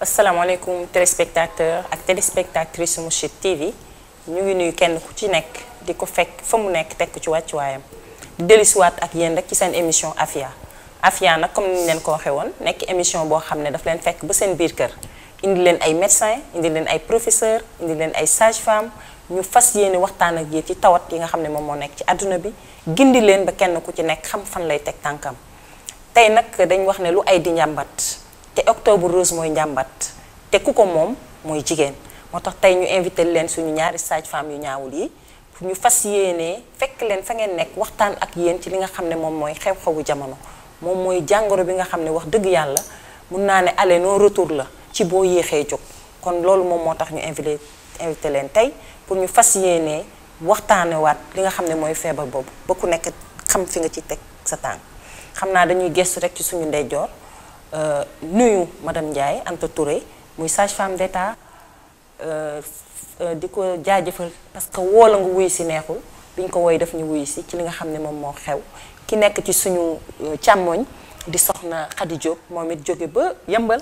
asalaamaaleykum téléspectateur ak téléspectatrice Mourchid TV ñu ngi nuyu kenn ku ci nekk di ko fekk fa mu nekk tekk ci wàccuwaayam di dellusiwaat ak yéen rek ci seen émission Afia Afia nag comme niñ leen ko waxee woon nekk émission boo xam ne daf leen fekk ba seen biir kër indi leen ay médecins indi leen ay professeurs indi leen ay sage femmes ñu fas yéene waxtaan ak yéen ci tawat yi nga xam ne moom moo nekk ci àdduna bi gindi leen ba kenn ku ci nekk xam fan lay teg tànkam tey nag dañ wax ne lu ay di te octobre rose mooy njàmbat te ku ko moom mooy jigéen moo tax tey ñu invité leen suñu ñaari sage-femme yu ñaawul yi pour ñu fas yéenee fekk leen fa ngeen nekk waxtaan ak yéen ci li nga xam ne moom mooy xew-xewu jamono moom mooy jàngoro bi nga xam ne wax dëgg yàlla mun naa ne aller non retour la ci boo yéexee jóg kon loolu moom moo tax ñu invité invité leen tey pour ñu fas yéenee waxtaanewaat li nga xam ne mooy feebar boobu ba ku nekk xam fi nga ci teg sa tànk xam naa dañuy gestu rek ci suñu ndeyjoor Euh, nuyu madame Ndiaye Anta Touré muy sage-femme d'État euh, euh, di ko jaajëfal parce que woo la nga wuyu si neexul bi ñu ko woy daf ñu wuyu si ci li nga xam ne moom moo xew ki nekk ci suñu càmmoñ di soxna Khady Diop moom it jóge ba yëmbal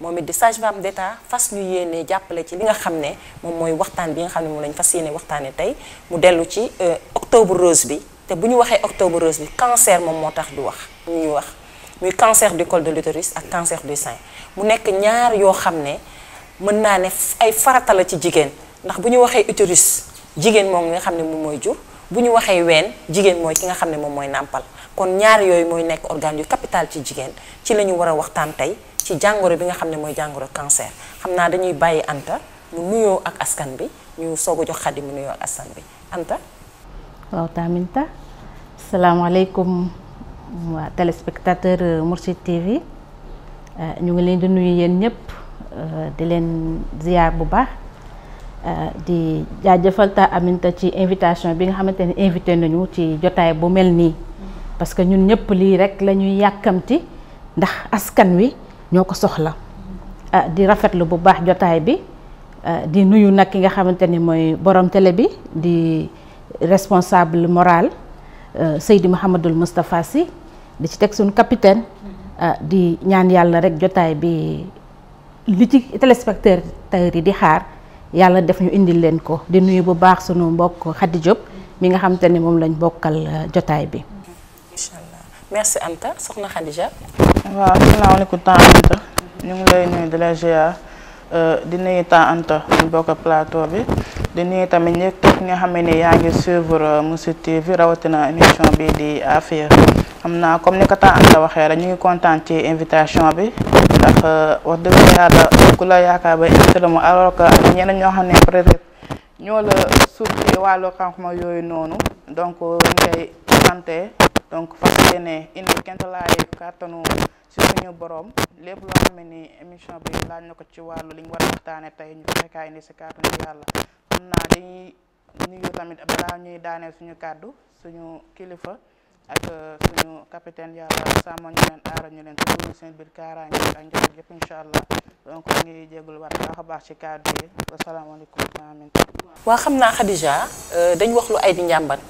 moom it di sage-femme d'État fas ñu yéene jàppale ci li nga xam ne moom mooy waxtaan bi nga xam ne moom lañ fas yéene waxtaane tey mu dellu ci octobre rose bi te bu ñu waxee octobre rose bi cancer moom moo tax du wax ñuy wax muy cancer du col de l'utérus ak cancer du sein mu nekk ñaar yoo xam ne mën naa ne ay farata la ci jigéen ndax bu ñu waxee utérus jigéen moom nga xam ne moom mooy jur bu ñu waxee ween jigéen mooy ki nga xam ne moom mooy nàmpal kon ñaar yooyu mooy nekk organe yu capital ci jigéen ci la ñu war a waxtaan tey ci jàngoro bi nga xam ne mooy jàngoro cancer xam naa dañuy bàyyi Anta mu nuyoo ak askan bi ñu soog a jox Xadi mu nuyoo ak askan bi Anta. waaw Taminta waa téléspectateur euh, Mourchid TV euh, ñu ngi leen di nuyu yéen ñëpp euh, di leen ziar bu baax di jaajëfal ta Aminta ci invitation bi nga xamante ne invité nañu ci jotaay bu mel nii parce que ñun ñëpp lii rek la ñuy yàkkamti ndax askan wi ñoo ko soxla di rafetlu bu baax jotaay bi di nuyu nag ki nga xamante ni mooy borom télé bi di responsable moral Seydi Mouhamadul Moustapha si di ci teg suñ capitaine mm-hmm. ah, di ñaan yàlla rek jotaay bi li ci téléspectateurs yi di xaar yàlla def ñu indil leen ko di nuyu bu baax suñu mbokk Khady Diop mi nga xam te ne moom lañ bokkal ah, jotaay bi. incha Anta soxna Khadija. waaw asalaamaaleykum temps lay nuyu di euh, di nuyu temps Anta ñu bokk plateau bi di nuyu tamit ñëpp képp nga xam ne yaa ngi suivre euh, Mourchid TV rawatina émission bii di affaire. xam naa comme ni ko temps am la waxee rek ñu ngi kontaan ci invitation bi ndax euh, wax dëgg yàlla ku la yaakaar ba invité la mu alors que ñoo xam ne peut ñoo la suuf ci wàllu xam-xam yooyu noonu donc euh, ngay santé donc fas yéene indi kentalaayu kàttanu si suñu borom lépp loo xam ni émission bi laaj na ko ci wàllu li ñu war a waxtaane tey ñu fexe kaa indi si kàttanu yàlla xam naa dañuy tamit balaa ñuy daaneel suñu kàddu suñu kilifa. ak euh, suñu capitaine yàlla sàmm ñu leen aara ñu leen te seen biir kaaraange ak njaboot yëpp incha allah donc ñu ngi jégalu waat baax a baax ci kàddu yi wasalaamaaleykum amin waa xam naa Khadija euh, dañ wax lu ay di njàmbat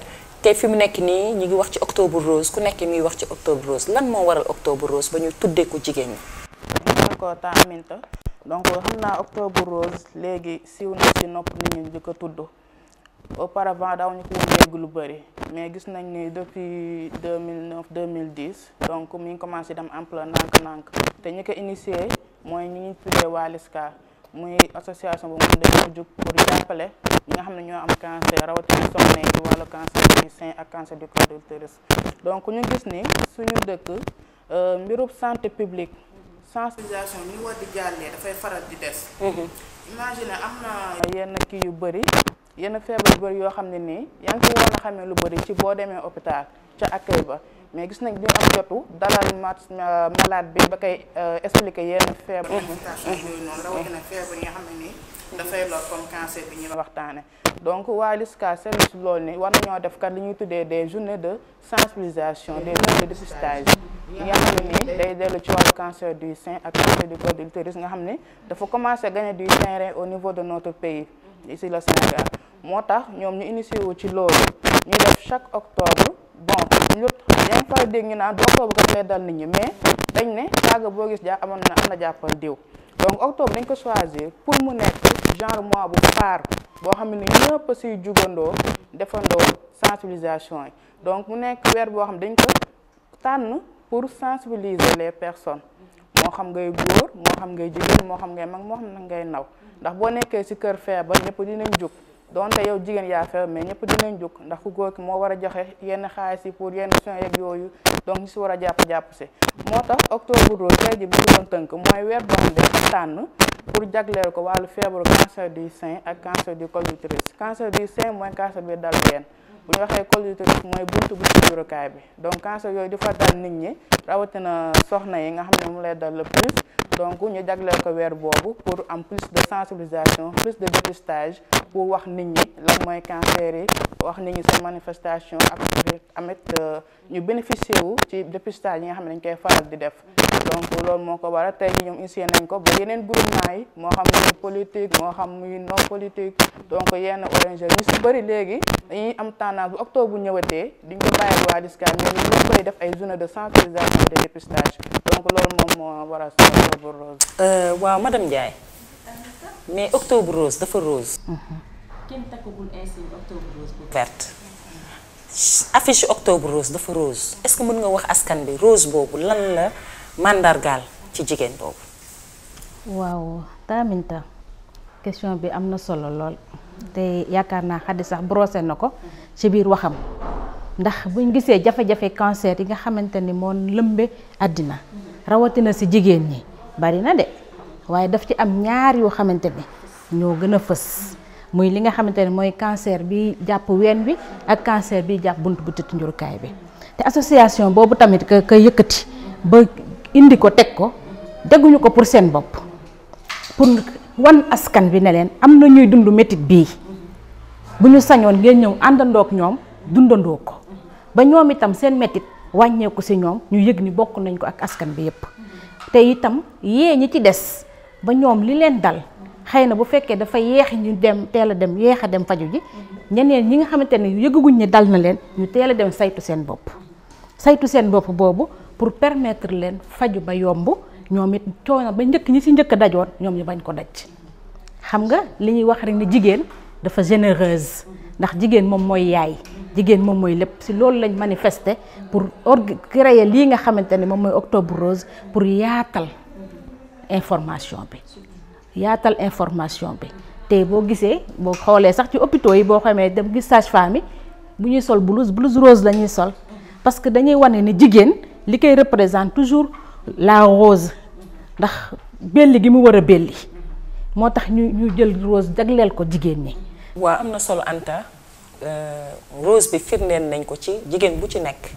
te fi mu nekk nii ñu ngi wax ci octobre rose ku nekk mi wax ci octobre rose lan moo waral octobre rose ba ñu tuddee ko jigéen ñi. ñu ko temps aminta donc xam naa octobre rose léegi siiw na ci nopp nit ñi di ko tudd. auparavant daaw ñu ko woon dégg lu bëri mais gis nañ ni depuis mille 2010 donc mi ngi commencé dem emploi nànk-nànk te ñi ko initié mooy ñi ñu tuddee Waliska muy association bu moom dañoo jóg pour jàppale ñi nga xam ne ñoo am cancer rawatina soxna yi ci cancer du sein ak cancer du col de l'utérus donc ñu gis ni suñu dëkk euh, mbirub santé publique sensibilisation ñu war di jàllee dafay faral di des mm-hmm. imagine am na yenn kii yu bëri yenn feebar yu bëri yoo xam ne nii yaa ngi woon a xamee lu bëri ci boo demee hôpital ca accueil ba mais gis nañ duñu am jotu dalal malade bi ba koy euh, expliquer yenn feebar yooyu noonu rawatina feebar yi nga xam ne nii dafay lor comme cancer bi def kat li ñuy tuddee des journées de sensibilisation des journées de dépistage yi day dellu ci wàllu cancer du sein ak cancer du col de l'utérus nga xam ne dafa commencé gagner du terrain au niveau de notre pays ici le Sénégal moo tax ñoom ñu initié wu ci loolu ñu def chaque octobre bon ñu dañ fay dégg ñu naan octobre kat lay dal nit ñi mais dañ ne saaga boo gis jaa amoon na am na jàppal diw donc octobre dañ ko choisir pour mu nekk genre mois bu faar boo xam ne ñëpp si jugandoo defandoo sensibilisation yi donc mu nekk weer boo xam ne dañ ko tànn pour sensibiliser les personnes moo xam ngay góor moo xam ngay jigéen moo xam ngay mag moo xam na ngay naw ndax boo nekkee si kër feebar ñëpp dinañ jóg donte yow jigéen yaa xew mais ñëpp dinañ jóg ndax ku góor ki moo war a joxe yenn xaalis yi pour yenn soins yeeg yooyu donc ñu si war a jàpp jàpp si moo tax octobre rose tey ji bi si doon tënk mooy weer boo xam ne tànn pour jagleel ko wàllu feebaru cancer du sein ak cancer du col utérus cancer du sein mooy cancer bi dal ween bu ñu waxee col utérus mooy buntu bu jurukaay bi donc cancer yooyu dafa dal nit ñi rawatina soxna yi nga xam ne mu lay dal le plus donc ñu jagleel ko weer boobu pour am plus de sensibilisation plus de dépistage pour wax nit ñi lan mooy cancer yi wax nit ñi seen manifestation ak amit euh, ñu bénéficier wu ci dépistage yi nga xam ne dañ koy faral di def donc loolu moo ko waral tey ñoom initié nañ ko ba yeneen groupement yi moo xam muy politique moo xam muy non politique donc yenn ONG ñu si bëri léegi dañuy am tendance bu octobre bu ñëwatee di ñu bàyyi waa Disca mais ñu koy def ay journée de sensibilisation de dépistage donc loolu moom moo waral octobre rose. Euh, waaw octobre rose dafa rose. kenn octobre rose dafa rose est-ce que mën nga wax askan bi rose boobu lan la màndargaal ci jigéen boobu. waaw taaminta question bi am na solo lool. te yaakaar naa xaddi sax brosé na ko ci biir waxam ndax buñ gisee jafe-jafe cancer yi nga xamante ni moo lëmbe àddina rawatina si jigéen ñi bari na de waaye daf ci am ñaar yoo xamante ni ñoo gën a fës muy li nga xamante ne mooy cancer bi jàpp ween bi ak cancer bi jàpp bunt bu tëdd njurukaay bi te association boobu tamit ka ka yëkkati ba indi ko teg ko teguñu ko pour seen bopp pour wan askan bi ne leen am na ñuy dund métit bii bu ñu sañoon ngeen ñëw àndandook ñoom dundandoo ko ba ñoom itam seen métit wàññeeku si ñoom ñu yëg ni bokk nañ ko ak askan bi yépp te itam yee ñi ci des ba ñoom li leen dal xëy na bu fekkee dafa yeex ñu dem teel a dem yeex a dem faju ji ñeneen ñi nga xamante ne yëgaguñ ne dal na leen ñu teel a dem saytu seen bopp saytu seen bopp boobu pour permettre leen faju ba yomb ñoom it coono ba njëkk ñi si njëkk dajoon ñoom ñu bañ ko daj xam nga li ñuy wax rek ne jigéen dafa généreuse ndax jigéen moom mooy yaay jigéen moom mooy lépp si loolu lañ manifeste pour org créer lii nga xamante ne moom mooy octobre rose pour yaatal information bi yaatal information bi te boo gisee boo xoolee sax ci hôpitaux yi boo xamee dem gis sage-femme bu ñuy sol blouse blouse rose lañuy sol parce que dañuy wane ni jigéen li koy représente toujours la rose ndax belli gi mu war a belli moo tax ñu ñu jël rose jagleel ko jigéen ñi. waaw am na solo Anta euh, rose bi firndeel nañ ko ci jigéen bu ci nekk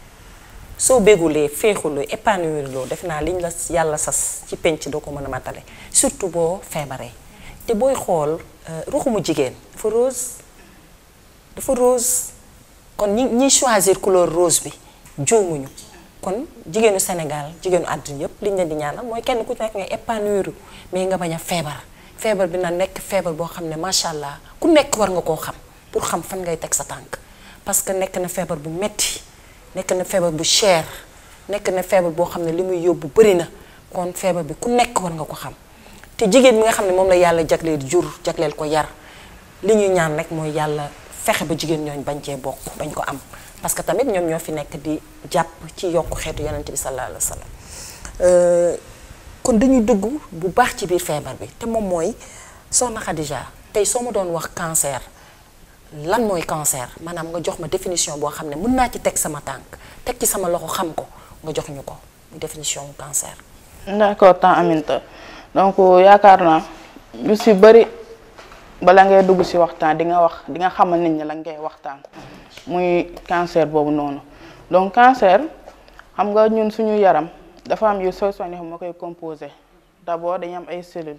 soo bégulee féexuloo épanouir loo def naa liñ la yàlla sas ci penc doo ko mën a matale surtout boo feebaree te booy xool euh, ruxumu jigéen dafa rose dafa rose kon ñi ñi choisir couleur rose bi juumuñu. kon jigéenu Sénégal jigéenu àdduna yëpp liñ leen di ñaanal mooy kenn ku nekk ngay épanouir mais nga bañ a feebar feebar bi na nekk feebar boo xam ne macha allah ku nekk war nga koo xam pour xam fan ngay teg sa tànk parce que nekk na feebar bu metti nekk na feebar bu cher nekk na feebar boo xam ne li muy yóbbu bëri na kon feebar bi ku nekk war nga ko xam te jigéen bi nga xam ne moom la yàlla jagleel jur jagleel ko yar li ñuy ñaan rek mooy yàlla fexe ba jigéen ñooñ bañ cee bokk bañ ko am parce que tamit ñoom ñoo fi nekk di jàpp ci yokk xeetu yonent bi sallallahu alayhi wa sallam euh, kon dañuy dëgg bu baax ci biir feebar bi te moom mooy soo soxna Khadija tey soo ma doon wax cancer lan mooy cancer maanaam nga jox ma définition boo xam ne mën naa ci teg sama tànk teg ci sama loxo xam ko nga jox ñu ko muy définition cancer. d'accord tant Aminta donc euh, yaakaar naa lu si bari. bala ngay dugg ci waxtaan di nga wax di nga xamal nit ñi la ngay waxtaan muy cancer boobu noonu donc cancer xam nga ñun suñu yaram dafa am yu sooy sooy ne moo koy composé d'abord dañu am ay cellules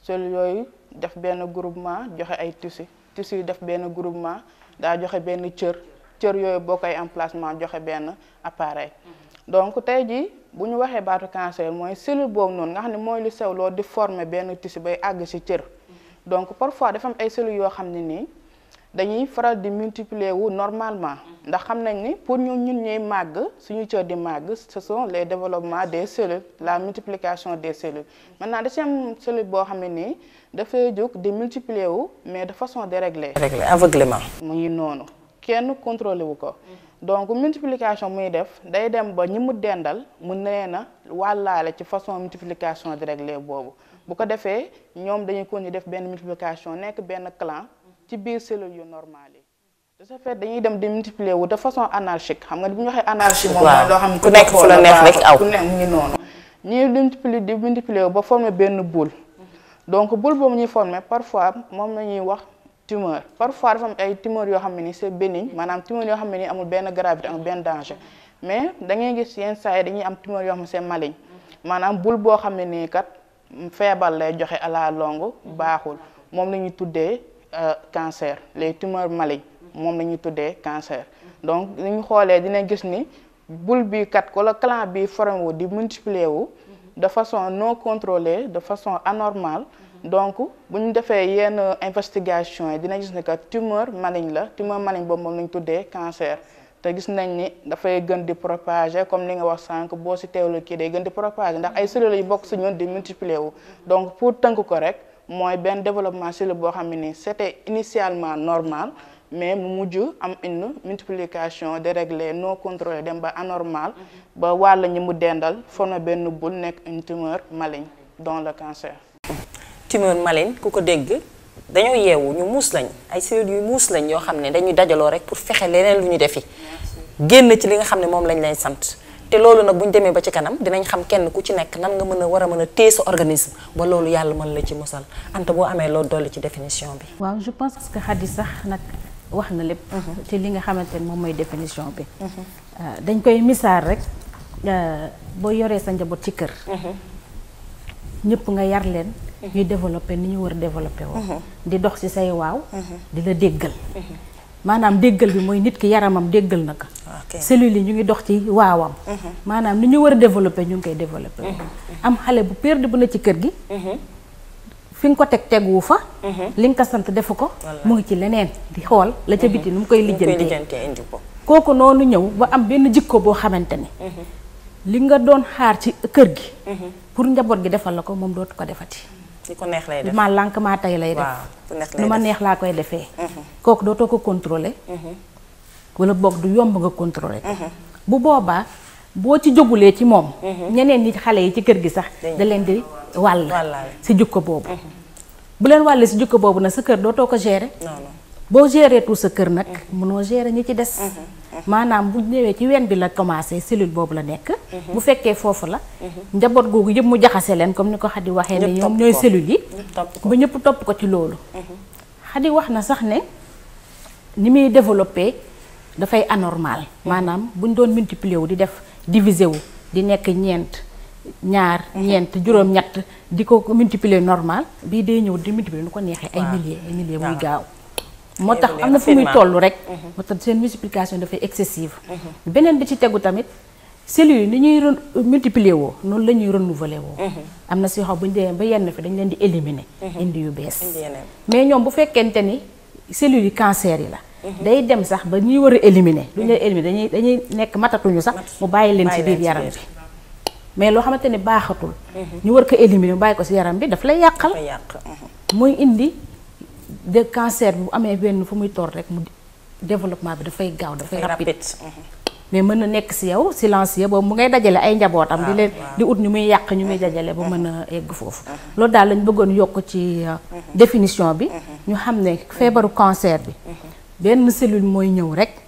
cellules yooyu def benn groupement joxe ay tissus tissus def benn groupement daa joxe benn cër cër yooyu boo koy emplacement joxe benn appareil donc tey jii bu ñu waxee baatu cancer mooy cellule boobu noonu nga xam ne mooy lu sew loolu di former benn tissu bay àgg ci cër. donc parfois dafa am ay cellules yoo xam ne nii dañuy faral di multiplier wu normalement mm-hmm. ndax xam nañ ni pour ñu ñun ñuy màgg suñu cër di màgg ce sont les développement des cellules la multiplication des cellules man naa de am cellule boo xam ne nii dafay jóg di multiplier wu mais de façon déréglée. déréglée aveuglément. mu ngi noonu kenn contrôlé wu ko. Mm-hmm. donc multiplication muy def day dem ba ñi mu dendal mu nee na wàllaale ci façon multiplication déréglée boobu. bu ko defee ñoom dañuy continuer def benn multiplication nekk benn clan ci biir cellules yu normal yi de ce dañuy dem di multiplier wu de façon anarchique xam nga bu ñu waxee anarchie moom xam ne ku nekk fu la neex rek aw nekk mu noonu ñuy multiplier di multiplier ba former benn boule donc boule boobu ñuy former parfois moom la ñuy wax tumeur parfois dafa am ay tumeur yoo xam ne ni c'est bénigne maanaam tumeur yoo xam ne ni amul benn gravité amul benn danger mais da ngay gis yenn saa dañuy am tumeur yoo xam ne c'est maligne maanaam boule boo xam ne nii kat feebar lay joxe à la longue baaxul moom la ñu tuddee euh, cancer les tumeurs malin moom la ñu tuddee cancer donc li ñu xoolee dina gis ni bul bi kat wala clan bi formé wu di multiplier wu de façon non contrôlée de façon anormale donc bu ñu defee yenn investigation yi dina gis ne que tumeur maligne la tumeur maligne boobu moom la ñu tuddee cancer te gis nañ ni dafay gën di propager comme li nga wax sànq boo si teewlu kii day gën di propager ndax ay cellules yu bokk si ñun di multiplier wu donc pour tënk ko rek mooy benn développement cellule boo xam ne ni c'était initialement normal mais mu mujj am une multiplication déréglée no contrôlée dem ba anormal ba wàll ñi mu dendal na benn boule nekk une tumeur maligne dans le cancer. tumeur maligne ku ko dégg dañoo yeewu ñu muus lañ ay cellules yu muus lañ yoo xam ne dañuy dajaloo rek pour fexe leneen lu ñu defi. génn ci li nga xam ne moom lañ lay sant te loolu nag bu ñu demee ba ci kanam dinañ xam kenn ku ci nekk nan nga mën a war a mën a téye sa organisme ba loolu yàlla mën la ci musal ante boo amee loolu dolli ci définition bi. waaw je pense que Khady sax nag wax na lépp. Mhm. ci li nga xamante ne moom mooy définition bi. Mhm. Euh, dañ koy misaal rek euh, boo yoree sa njaboot ci kër. Mhm. ñëpp nga yar leen. ñuy développé ni ñu war a développé woo. di dox ci say waaw. di la déggal. maanaam déggal bi mooy nit ki yaramam déggal na ko. cellules yi ñu ngi dox ci waawam. Mhm. maanaam ni ñu war a développé ñu ngi koy développé. Mhm. Mhm. am xale bu perte bu na ci kër gi. fi nga ko teg teguwu fa. li nga ko sant defu ko. mu ngi ci leneen di xool la ca biti nu mu koy lijjantee indi ko. kooku noonu ñëw ba am benn jikko boo xamante ne li nga doon xaar ci kër gi. pour njaboot gi defal la ko moom dootu ko defati. li ko neex lay def maa lànk maa tey lay def lu ma neex laa koy defee mhm. kooku dootoo ko contrôler mhm. wala boog du yomb nga contrôler mhm. bu boobaa boo ci jógulee ci moom ñeneen ñi xale yi ci kër gi sax da leen di wàll si jukko boobu bu leen wàllee si jukko boobu nag sa kër dootoo ko gérer boo gérer sa kër nag mënoo gérer ñi ci des maanaam bu ñëwee ci ween bi la commencé cellule boobu la nekk bu fekkee foofu la njaboot googu yëpp mu jaxase leen comme ni ko Xadi waxee ne ñoom ñooy cellules yi ba ñëpp topp ko ci loolu Xadi mhm. wax na sax ne ni muy développé dafay anormal mhm. maanaam buñ doon multiplier wu di def diviser wu di nekk ñeent ñaar mhm. ñeent juróom-ñett di ko multiplier normal bii day ñëw di multiplier nu ko neexee ay milliers ay milliers muy gaaw moo tax am na fu muy toll rek. Mhm. moo tax seen multiplication dafay excessive. Mhm. beneen bi ci tegu tamit cellules yi ni ñuy multiplier woo noonu la ñuy renouveler woo. Mhm. am na si yoo xam bu ñu dee ba yenn fi dañu leen di éliminer. indi yu bees. mais ñoom bu fekkente ni cellules yi cancer yi la. day dem sax ba ñuy war a éliminer. du ñu la éliminer dañuy dañuy nekk matatuñu sax. mu bàyyi leen ci biir yaram bi. mais loo xamante ne baaxatul. ñu war ko éliminer mu bàyyi ko si yaram bi daf lay yàqal. muy indi. de cancer bu amee benn fu muy toll rek mu développement bi dafay gaaw dafay rapide mhm. mais mën na nekk si yow silence ya boobu mu ngay dajale ay njabootam di ah, leen di ut ñu muy yàq ñu muy mhm. dajale ba mën a mhm. egg foofu loolu daal lañ bëggoon yokk ci euh, définition bi ñu xam ne feebaru cancer bi benn cellule mooy ñëw rek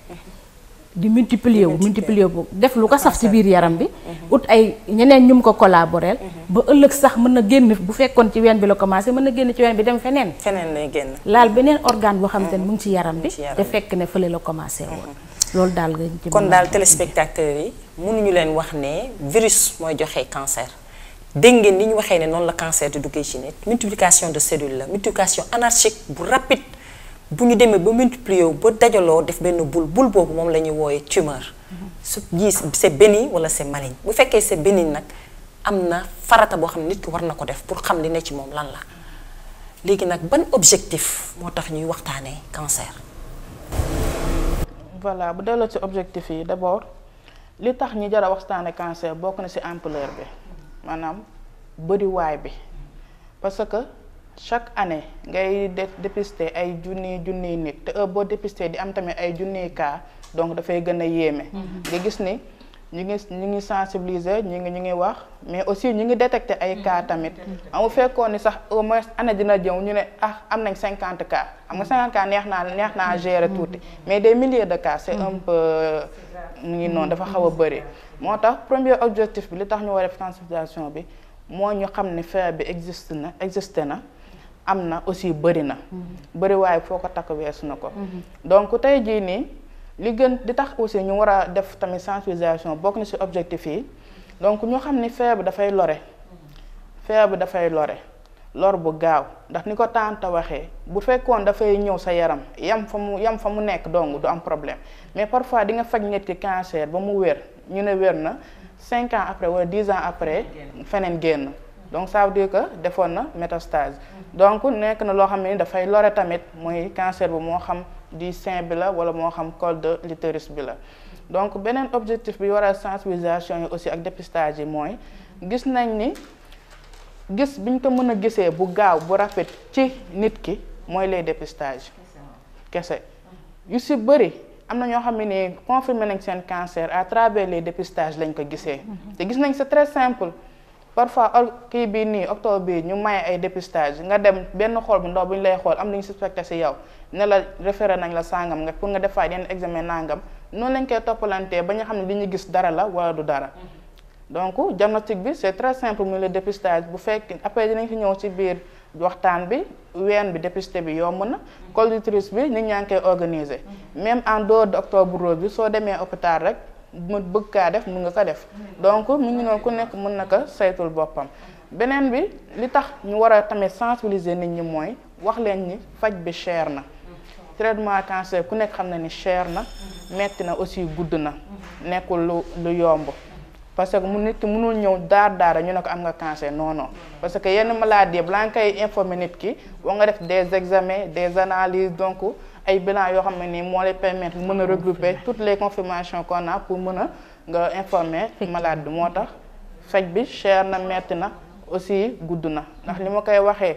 di multiplier wu multiplier wu def lu ko saf ci biir yaram bi mhm. ut ay ñeneen ñum ko collaborer mhm. ba ëllëg sax mën na génn bu fekkoon ci ween bi la commencé mën na génn ci ween bi dem feneen feneen lay laal beneen organe boo xam te ne mhm. mu ngi ci yaram bi te fekk ne fële la commencé woon loolu daal nga kon daal téléspectateurs yi ñu leen wax ne virus mooy joxe cancer dégg ngeen ni ñu waxee ne noonu la cancer di duggee ci nit multiplication de cellules la multiplication anarchique bu rapide bu ñu demee ba multiplier wu ba dajaloo def benn boule boule boobu moom la ñuy wooyee tumeur. Mm-hmm. su yii c'est bénin wala c'est maligne bu fekkee se bénin nag am na farata boo xam ni nit ki war na ko def pour xam li ne ci moom lan la léegi nag ban objectif moo tax ñuy waxtaanee cancer. voilà bu delloo ci objectif yi d'abord li tax ñi jar a waxtaanee cancer bokk na si ampleur bi maanaam bëriwaay bi parce que. chaque année ngay dépister ay junni junniy nit te heure boo dépister di am tamit ay junniy cas donc dafay gën a yéeme. Mhm. nga gis ni ñu ngi ñu ngi sensibiliser ñu ngi ñu ngi wax mais aussi ñu ngi détecté ay mhm. cas tamit. Mhm. amu fekkoon ni sax au moins année dina jëm ñu ne ah am nañ cinquante cas xam nga cinquante cas neex naa neex naa gérer tuuti mais des milliers de cas. c' est un mu ngi noonu dafa xaw a bëri. moo tax premier objectif bi li tax ñu war a bi moo ñu xam ne feebar bi existe na existe na. am na aussi bëri na. Mm-hmm. bëri foo ko takk weesu na ko. Mm-hmm. donc tey jii nii li gën di tax aussi ñu war a def tamit sensibilisation bokk na si objectif yi donc ñu xam ni feebar dafay lore. Mm-hmm. feeb dafay lore lor bu gaaw ndax ni ko tànta waxee bu fekkoon dafay ñëw sa yaram yam fa mu yam fa mu nekk dong du am problème mais parfois di nga faj nit ki cancer ba mu wér ñu ne wér na cinq ans après wala dix ans après feneen génn. donc ça veut dire que defoon na métastase donc nekk na loo xam ne dafay lore tamit mooy cancer bu moo xam di sein bi la wala moo xam col de l'utérus bi la donc beneen objectif bi waral sensibilisation yi aussi ak dépistage yi mooy gis nañ ni gis biñ ko mën a gisee bu gaaw bu rafet ci nit ki mooy les dépistages kese yu si bëri am na ñoo xam ne ni confirmé nañ seen cancer à travers les dépistages lañ ko gisee te gis nañ c'est très simple parfois kii bii nii octobre bii ñu maye ay dépistage nga dem benn xool bu ndaw bu lay xool am nañu suspecté si yow ne la référé nañ la sangam nga pour nga defaat yenn examen nangam noonu lañ koy toppalantee ba nga xam ne li ñu gis dara la wala du dara. Mm-hmm. donc diagnostic bi c'est très simple muy le dépistage bu fekk après dinañ fi ñëw ci biir waxtaan bi ween bi dépisté bi yomb na. Mm-hmm. col bi nit ñaa ngi koy organiser. Mm-hmm. même en dehors de octobre rose bi soo demee hôpital rek. ma bëgg kaa def mun nga ko def donc mu ngi noonu ku nekk mën na ko saytul boppam beneen bi li tax ñu war a tamit sensibiliser nit ñi mooy wax leen ni faj bi cher na traitement cancer ku nekk xam na ni cher na metti na aussi gudd na nekkul lu lu yomb parce que mu nit ki mënul ñëw daar daar ñu ne ko am nga cancer noonu parce que yenn maladie balaa nga koy informé nit ki war nga def des examens des analyses donc ay bilan yoo xam ne nii moo lay permettre mën a regrouper toutes les confirmations qu'on a pour mën a nga informer malade bi moo tax faj bi cher na metti na aussi gudd na ndax li ma koy waxee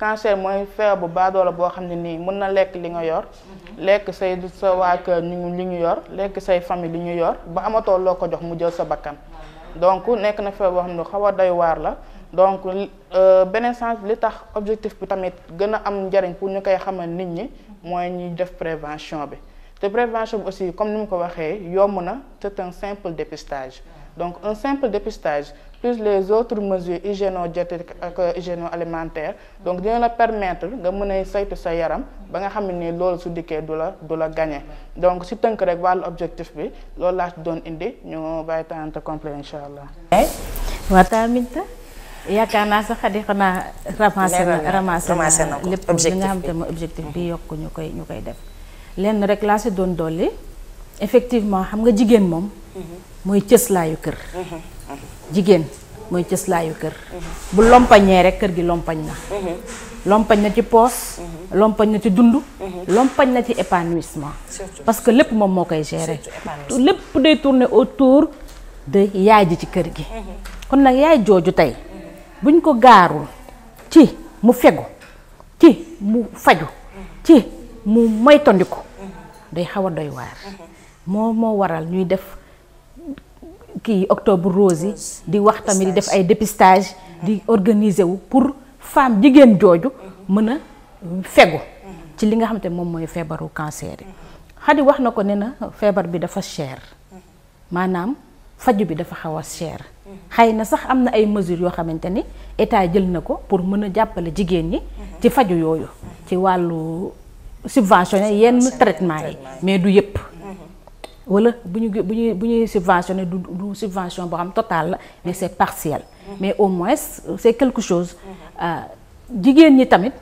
cancer mooy feebar bu baadoola boo xam ne nii mën na lekk li nga yor mhm. lekk say sa waa kër ñu ñu yor lekk say famille li ñu yor ba amatoo loo ko jox mu jël sa bakkan donc nekk na feew boo xam ne xaw a doy waar la donc euh, beneen sens li tax objectif bi tamit gën a am njariñ pour ñu koy xamal nit ñi mooy ñuy def prévention bi te prévention bi aussi comme ni mu ko waxee yomb na te un simple dépistage donc un simple dépistage plus les autres mesures hygiéno-diététiques ak euh, hygiéno alimentaire donc dina la permettre nga mën a saytu sa yaram ba nga xam ne loolu su dikkee du la du la gagné donc si tënk rek wàllu objectif bi loolu laa ci doon indi ñu bàyyi temps complet incha allah. waaw yaakaar naa sa xadi xanaa ramassé na ramassé na lépp li nga xam te ma objectif bi mm-hmm. yokk ñu koy ñu koy def lenn rek laa si doon effectivement xam nga jigéen moom mm-hmm. mooy cëslaayu kër mm-hmm. jigéen mooy cëslaayu kër bu lompañee rek kër gi lompañ na lompañ na ci poos lompañ na ci dund lompañ na ci épanouissement parce que lépp moom moo koy gérer lépp day tourner autour de yaay ji ci kër gi kon nag yaay jooju tey buñ ko gaarul ci mu fegu ci mu faju ci mu moytandiku day xaw a doy waar moo moo waral ñuy def kii octobre rose yi di wax tamit di def ay dépistage di organiser wu pour femme jigéen jooju mën a fegu ci li nga xam te moom mooy feebaru cancer yi Xadi wax na ko ne na feebar bi dafa cher maanaam faju bi dafa xaw a cher. xëy na sax am na ay mesures yoo xamante ni état jël na ko pour mën a jàppale jigéen ñi. ci faju yooyu. ci wàllu subventionné yenn traitement yi mais du yëpp. Mhm. wala bu ñu bu ñuy bu ñuy subventionné du du subvention boo xam total la mais c'est partiel. Mhm. mais au moins c'est quelque chose. Mhm. Euh, jigéen ñi tamit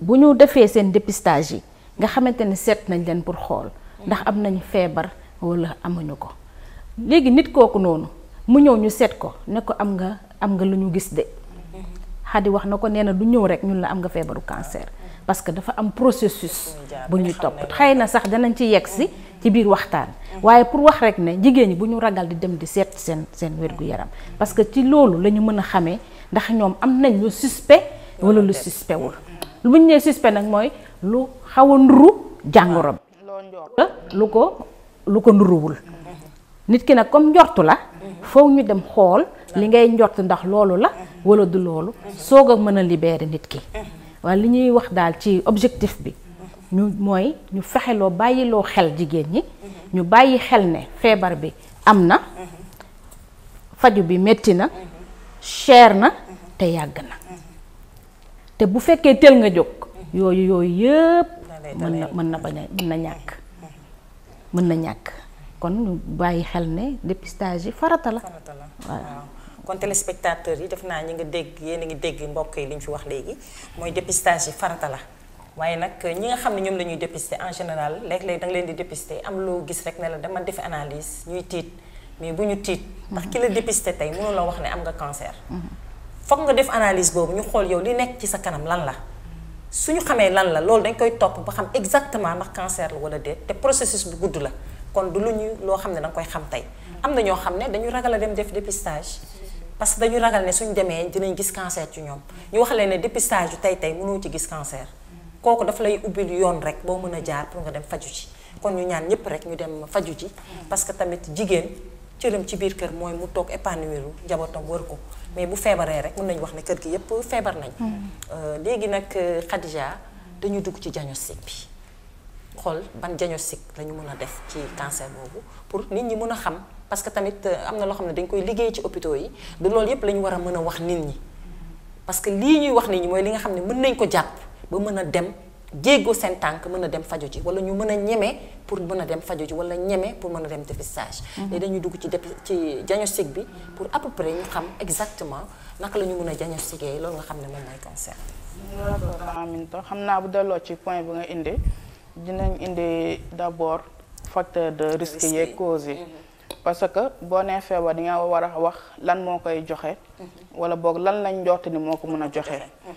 bu ñu defee seen dépistage yi nga xamante ni seet nañ leen pour xool ndax am nañu feebar wala amuñu ko. léegi nit kooku noonu mu ñëw ñu seet ko ne ko am nga am nga lu ñu gis de xadi wax na ko nee na du ñëw rek ñun la am nga feebaru cancer parce que dafa am processus bu ñu topp xëy na sax danañ ci yegg si ci biir waxtaan waaye pour wax rek ne jigéen ñi bu ñu ragal di dem di seet seen seen wér yaram parce que ci loolu la ñu mën a xamee ndax ñoom am nañ lu suspect wala lu suspect wul lu ñu nee suspect nag mooy lu xaw a nduru jàngoro bi lu ko lu ko nduruwul nit ki nag comme njortu la foog ñu dem xool li ngay njort ndax loolu la wala du loolu soog a mën a libérer nit ki waaye li ñuy wax daal ci objectif bi ñu mooy ñu fexeloo bàyyiloo xel jigéen ñi ñu bàyyi xel ne feebar bi am na faju bi metti na cher na te yàgg na te bu fekkee teel nga jóg yooyu yooyu yëpp mën na mën na bañ a mën na ñàkk mën na ñàkk kon ñu bàyyi xel ne dépistage yi farata la. farata la waaw kon téléspectateur yi def naa ñi nga dégg yéen a ngi dégg mbokk yi li ñu fi wax léegi mooy dépistage yi farata la. waaye nag ñi nga xam ne ñoom la ñuy dépister en général léeg-léeg danga leen di dépister am loo gis rek ne la dama defi analise ñuy tiit mais bu ñu tiit. ndax ki la mhm. dépister tey mënu la wax ne am nga cancer. Mhm. foog nga def analise boobu ñu xool yow li nekk ci sa kanam lan la. su ñu xamee lan la loolu dañ koy topp ba xam exactement ndax cancer wala déet te processus bu gudd la. kon du lu ñu loo xam ne danga koy xam tey am na ñoo xam ne dañu ragal a dem def dépistage parce que dañu ragal ne suñ demee dinañ gis cancer ci ñoom ñu wax leen ne dépistage yu tey tey mënoo ci gis cancer kooku dafa lay ubbil yoon rek boo mën a jaar pour nga dem faju ci kon ñu ñaan ñëpp rek ñu dem faju ci parce que tamit jigéen cëram ci biir kër mooy mu toog épanouir njabootam wër ko mais bu feebaree rek mën nañu wax ne kër gi yëpp feebar nañ mm. euh, léegi nag euh, Khadija dañu dugg ci diagnostic bi xool ban diagnostic la mën a def ci cancer boobu pour nit ñi mën a xam parce que tamit euh, am na loo xam ne dañ koy liggéey ci hôpitaux yi du loolu yëpp la ñu war a mën a wax nit ñi parce que lii ñuy wax nit ñi mooy li nga xam ne mën nañ ko jàpp ba mën a dem jéego seen mën a dem fajo ji wala ñu mën a ñeme pour mën a dem fajo ji wala ñeme pour mën a dem dépistage mhm. léegi dañuy dugg ci dép ci diagnostic bi pour à peu xam exactement naka la ñu mën a diagnostiquer loolu nga xam ne moom mooy cancer. xam naa bu delloo ci point bi nga indi. dinañ indi d'abord facteur de risque yeeg cause yi mhm. parce que boo nee feebar di nga war a wax lan moo koy joxe mhm. wala boog lan lañ njort ni moo ko mën a joxe mhm.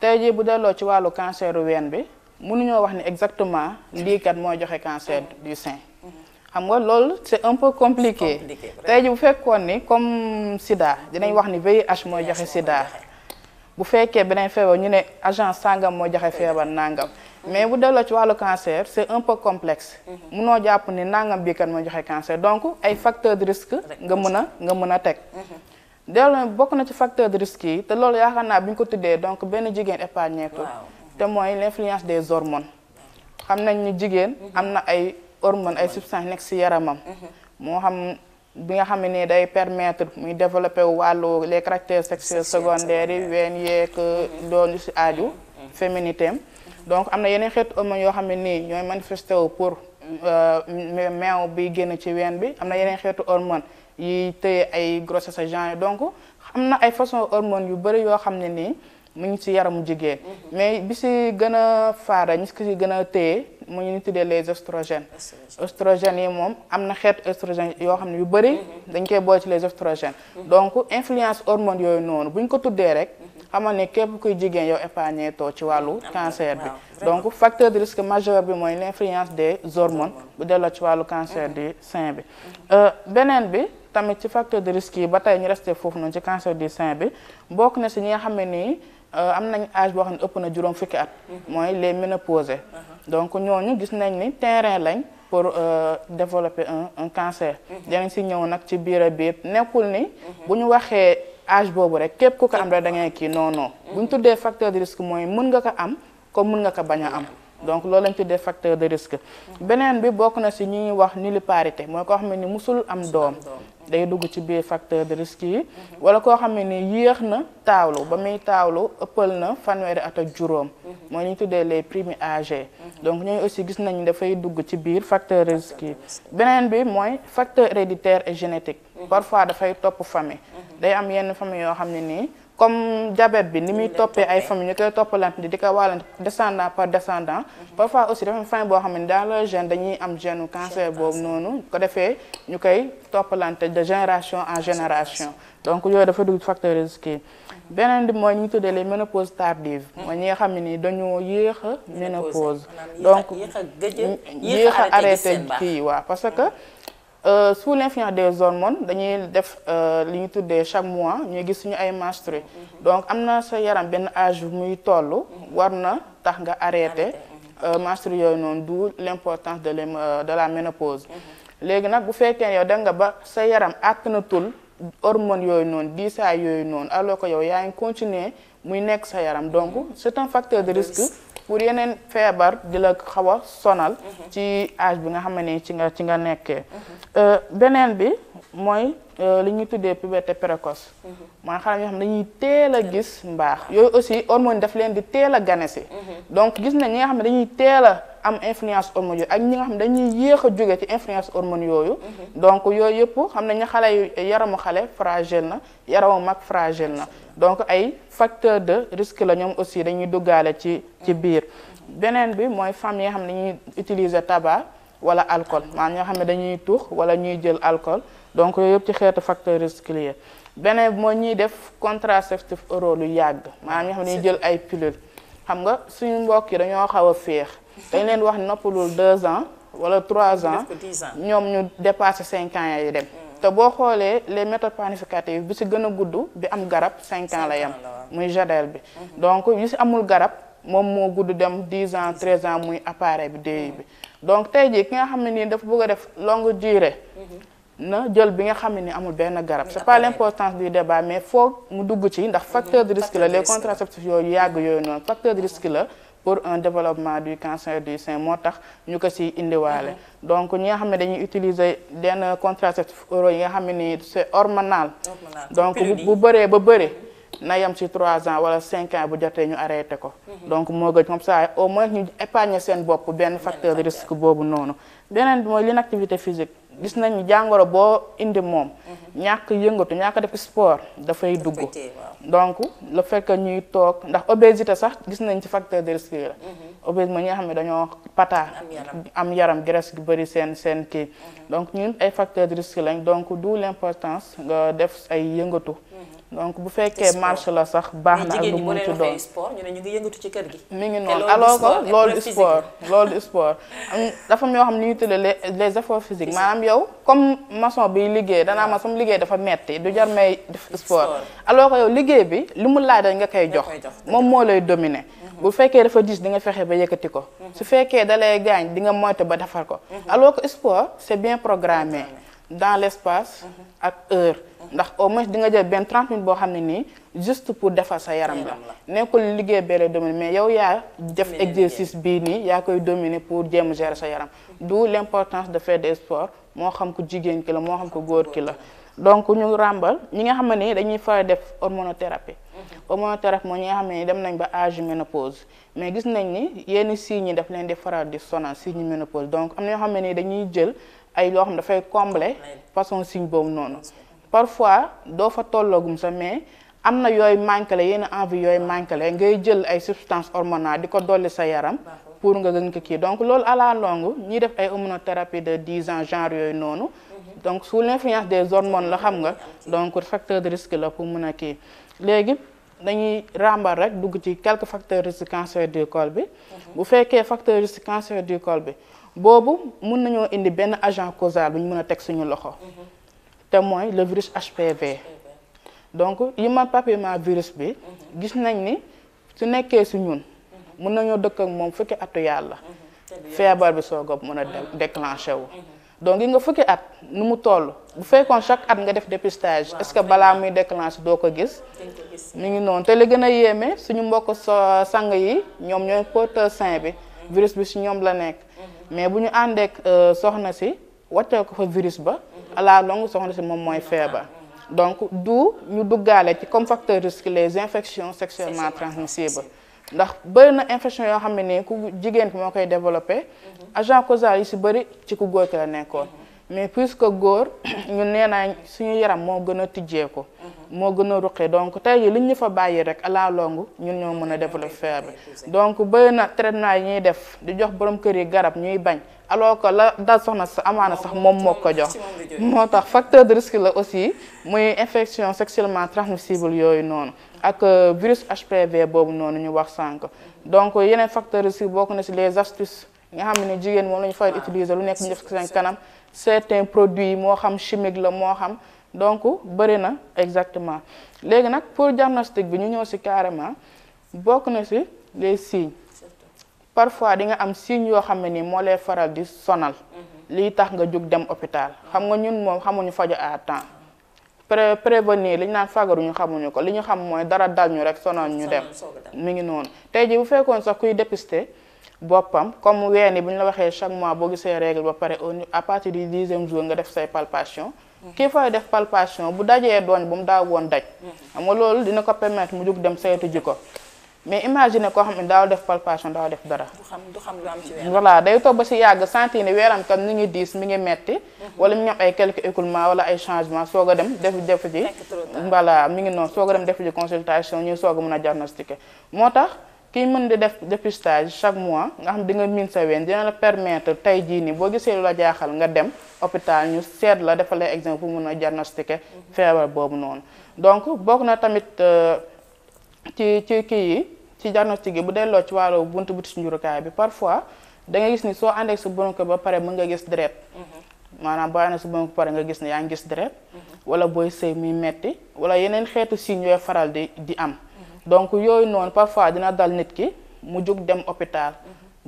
tey jii bu delloo ci wàllu canceru ween bi mënuñoo wax ni exactement lii kat mooy joxe cancer du sein xam nga lool c'est un peu compliqué tey jii bu fekkoon ni comme sida dinañ wax ni VIH mooy joxe sida bu fekkee beneen feebar ñu ne agent sàngam moo joxe feebar nàngam mais bu delloo ci wàllu cancer c' un peu complexe. Mhm. munoo jàpp ni nangam bii kan joxe cancer donc ay facteur de risque. nga mën a nga mën a teg. Mhm. delloo bokk na ci facteur de risque yi te loolu yaakaar naa bi ñu ko tuddee donc benn jigéen épargné ko. te mooy l' influence des hormones. xam nañ ni jigéen mhm. am na ay hormones ay substances nekk si yaramam. moo xam bi nga xam ne day permettre muy développer wàllu les caractères sexuels secondaires yi ween yeeg doon si aaju féminité am donc am na yeneen xeetu hormones yoo xam ne nii ñooy manifesté wu pour euh, meew bi génn ci ween bi am na yeneen xeetu hormone yi téye ay grossesse à genre donc am na ay façon hormones yu bëri yoo xam ne nii mu ngi si yaramu jigéen. Mm-hmm. mais bi si gën a faara ñi si gën a téye mu ñu tuddee les oestrogènes. oestrogènes yi moom am na xeet oestrogènes yoo xam ne yu bëri. Mm-hmm. dañ koy boole ci les oestrogènes. Mm-hmm. donc influence ormone yooyu noonu bu ñu ko tuddee rek. xamal ne képp kuy jigéen yow épargné too ci wàllu cancer bi donc facteur de risque majeur bi mooy l'influence des hormones bu delloo ci wàllu cancer mhm. du sein bi mhm. euh, beneen bi tamit ci facteur de risque yi ba tey ñu resté foofu noonu ci cancer du sein bi bokk na si ñi nga xam ne nii euh, am nañ âge boo xam ne ëpp na juróom fukki mhm. mooy les ménopausées uh-huh. donc ñooñu gis nañ ni terrain lañ pour euh, développer un un cancer dinañ si ñëw nag ci biir a nekkul ni bu ñu waxee âge boobu rek képp ku ko am rek da ngay kii non non mm-hmm. tuddee facteur de risque mooy mën nga ko am comme mun nga ko bañ a am mm-hmm. donc loolu lañ tuddee facteur de risque mm-hmm. beneen bi bokk na si ñuy wax nulliparité mooy ko xam ne ni mosul am doom day dugg ci biir facteur de risque yi. wala koo xam ne ni yéex na taawlu ba muy taawlu ëppal na fanweeri at ak juróom. mooy li ñu tuddee les primi age donc ñooñu aussi gis nañ dafay dugg ci biir facteur de risque yi. beneen bi mooy facteur héréditaire et génétique. parfois dafay topp famille. day am yenn famille yoo xam ne nii. comme diabète bi ni muy toppee ay famille ñu koy toppalante di ko wàllante descendant par descendant mhm. parfois aussi dafa am boo xam ne dans le gène dañuy am gène cancer boobu noonu ko defee ñu koy toppalante de génération en génération donc yooyu dafa dugg facteur risque yi mhm. bi mooy ñu ngi tuddee les ménopause tardive mhm. mooy ñi nga xam ne nii dañoo yéex a ménopause donc yéex a arrêté kii waaw parce que Euh, sous l'influence des hormones dañuy def euh, li ñu tuddee chaque mois ñuy gis suñu ay menstrué mhm. donc am na sa yaram benn âge bu muy toll mhm. war na tax nga arrêté mhm. euh, menstrué yooyu noonu d'où l'importance de euh, de la ménopause léegi nag bu fekkee yow da nga ba sa yaram àkk àttanatul hormones yooyu noonu diisaay yooyu noonu alors ko yow yaa ngi continuer muy nekk sa yaram donc c'est facteur de risque pour yeneen feebar di la xaw a sonal. Mhm. ci âge bi nga xam ne ci nga ci nga nekkee. Euh, beneen bi mooy euh, li ñuy tuddee puberté précoce. Mhm. mooy xale yoo dañuy teel a gis mbaax. yooyu aussi hormone daf leen di teel a gane si. Mhm. donc gis nañ ñi nga xam ne dañuy teel a am influence hormone yooyu ak ñi nga xam ne dañuy yéex a jóge ci influence hormone yooyu. donc yooyu yëpp xam nañ ne xale yu yaramu xale fragile na yaramu mag fragile na. donc ay facteur de risque la ñoom aussi dañuy duggaale ci ci biir beneen bi mooy femmes yi xam ne dañuy utiliser tabac wala alcool maanaam ñoo xam ne dañuy tuux wala ñuy jël alcool donc yooyu yëpp ci xeetu facteur risque lié beneen bi mooy ñuy def contraceptif oral lu yàgg maanaam ñoo xam ne dañuy jël ay pilule xam nga suñu mbokk yi dañoo xaw a féex dañ leen wax noppalul deux ans wala trois ans ñoom ñu dépassé cinq ans yi dem te boo xoolee les méthodes planificatives bi si gën a gudd bi am garab cinquant la yam muy jadel bi mhm. donc yi si amul garab moom moo gudd dem dix ans treize ans muy appareil bi DEI bi mhm. donc tey jii ki nga xam ne nii dafa bëgg a def longue durée mhm. na jël bi nga xam ne ni amul benn garab c'est pas l'importance du débat mais foog mu dugg ci ndax facteur de risque la les contraceptifs yooyu yàgg yooyu noonu facteur de risque la pour un développement du cancer du sein moo tax ñu ko ci indiwaale donc ñi nga xam ne dañuy utiliser benn contraceptif oral yi nga xam ne nii c'est hormonal donc bu baree ba bëri na yem ci trois ans wala cinq bu jotee ñu arrêté ko mhm. donc moo gën comme ça au moins ñu épargner seen bopp benn facteur de risque boobu noonu beneen bi mooy l'inactivité physique gis nañu jàngoro boo indi moom. Mhm. ñàkk yëngatu ñàkk def sport dafay dugg. donc lu fait ñuy toog ndax obésité sax gis nañ ci facteur de risque la. Mhm. obésité mooy ñi nga xam ne dañoo pata. am yaram graisse gi bëri seen seen kii. Mhm. donc ñun ay facteur de risque lañ donc d'où l'importance nga def ay yëngatu. donc bu fekkee marche la sax baax na ak lu mu ci doon sport ñu ne ñu ngi ci kër gi. mi ngi noonu alors ko loolu sport loolu sport dafa am yoo xam ne ñu tuddee les les efforts physiques yow comme mason biy liggéey danaa ma sama liggéey dafa metti du jar may def sport alors que yow liggéey bi li mu laaj dañ nga koy jox moom moo lay dominer. Mhm. bu fekkee dafa diis di nga fexe ba yëkkati ko. Mhm. su fekkee da lay gaañ di nga moytu ba defar ko. Mhm. alors que sport c'est bien programmé dans l'espace ak heure. ndax au moins di nga jël benn 30 minutes boo xam ne nii juste pour defar sa yaram la nekkul liggéey bee dominer mais yow yaa def exercice bii nii yaa koy dominer pour jéem gérer sa yaram mm-hmm. d'où l'importance de faire des sports moo xam ko jigéen ki la moo xam ko góor ki la donc ñu ràmbal ñi nga xam ne dañuy fara def hormonothérapie mm-hmm. hormonothérapie moo ñi nga xam ne dem nañ ba âge ménopause mais gis nañ ni yenn signes yi daf leen di faral di sonal signe ménopause donc am na ñoo xam ne dañuy jël ay loo xam dafay combler façon signe boobu noonu parfois doo fa tolloogum sa mais am na yooyu manqué yenn envie yooyu manqué ngay jël ay substances hormonales di ko dolli sa yaram pour nga gën ko kii donc loolu à la longue ñiy def ay hormonothérapie de dix ans genre yooyu noonu donc sous l'influence des hormones la xam nga donc facteur de risque la pour mun a kii léegi dañuy ràmbal rek dugg ci quelque facteurs de risque cancer du col bi bu fekkee facteur de risque cancer du col bi boobu mun nañoo indi benn agent causal bu ñu mën a teg suñu loxo te mooy le virus HPV. donc human papillomavirus bi. gis nañ ni su nekkee si ñun. mën nañoo dëkk moom fukki atu feebar bi soog mën a déclenché wu. donc yi nga fukki at nu mu toll bu fekkoon chaque at nga def dépistage est-ce que balaa muy déclenché doo ko gis. ñu ngi noonu te li gën a yéeme suñu mbokk sang yi ñoom ñooy porteur sain bi. virus bi si ñoom la nekk. mais bu ñu àndeek euh, soxna si wàccee ko fa virus ba. à la longue soxna si moom mooy feebar donc du ñu duggaale ci comme facteur risque les infections sexuellement transmissibles ndax bëri na infection yoo xam ne nii ku jigéen ki moo koy développé mhm. agent causal yi si bëri ci ku góor ki la nekkoon mhm. mais puisque góor ñu nee naa suñu yaram moo gën a tijjee ko mhm. moo gën a ruqee donc tey jii li ñu fa bàyyi rek à la ñun ñoo mën a développer feebar bi donc bëri na traitement yi ñuy def di jox borom kër yi garab ñuy bañ alors ko la dal soxna sa amaana sax moom moo ko jox moo tax facteur de risque la aussi muy infection sexuellement transmissible yooyu noonu ak euh, virus HPV boobu noonu ñu wax sànq donc yeneen facteur de risque bokk na si les astuces nga xam ne jigéen moom la ñu fay utiliser lu nekk ñu def seen kanam certains produits yi moo xam chimique la moo xam donc bëri na exactement léegi nag pour diagnostic bi ñu ñëw ci carrément bokk na si les signes parfois di nga am signe yoo xam ne nii moo lay faral di sonal mhm. lii tax nga jug dem hôpital xam nga ñun moom xamuñu faju à temps pré prévenir li ñu naan fagaruñu xamuñu ko li ñu xam mooy dara dal ñu rek sonal ñu dem mi ngi noonu tey ji bu fekkoon sax kuy dépister boppam comme weeni bu ñu la waxee chaque mois boo gisee règle ba pare au à partir du dixième jour nga def say palpation mhm. kii fay def palpation bu dajee doon bu mu daaw woon daj mhm. xam nga loolu dina ko mu jóg dem saytu ji ko mais imagine koo xam ne daaw def palpation daaw def dara. du xam du xam lu am ci weer. voilà day yàgg sentir ne weeram kat mi ngi diis mi ngi metti mhm. wala mi ngi am ay quelques écoulements wala ay changements soog a dem def def ji. voilà mu ngi noonu soog a dem def ji consultation ñu soog a mën a diagnostiquer. moo tax kiy mën di def dépistage chaque mois nga xam di nga miin sa ween dina la permettre tey jii nii boo gisee lu la jaaxal nga dem hôpital ñu seet la defalee la exemple pour mën a diagnostiquer mhm. feebar boobu noonu. donc bokk euh, kii yi. ci diagnostic yi bu delloo ci wàllu buntu butis njurukaay bi parfois da nga gis ni soo àndee sa borom ba pare mën nga gis deret mm-hmm. maanaam boo àndee sa borom kër pare nga gis ne yaa ngi gis deret mm-hmm. wala booy sëy muy metti wala yeneen xeetu signes yooy faral di di am mm-hmm. donc yooyu noonu parfois dina dal nit ki mu jug dem hôpital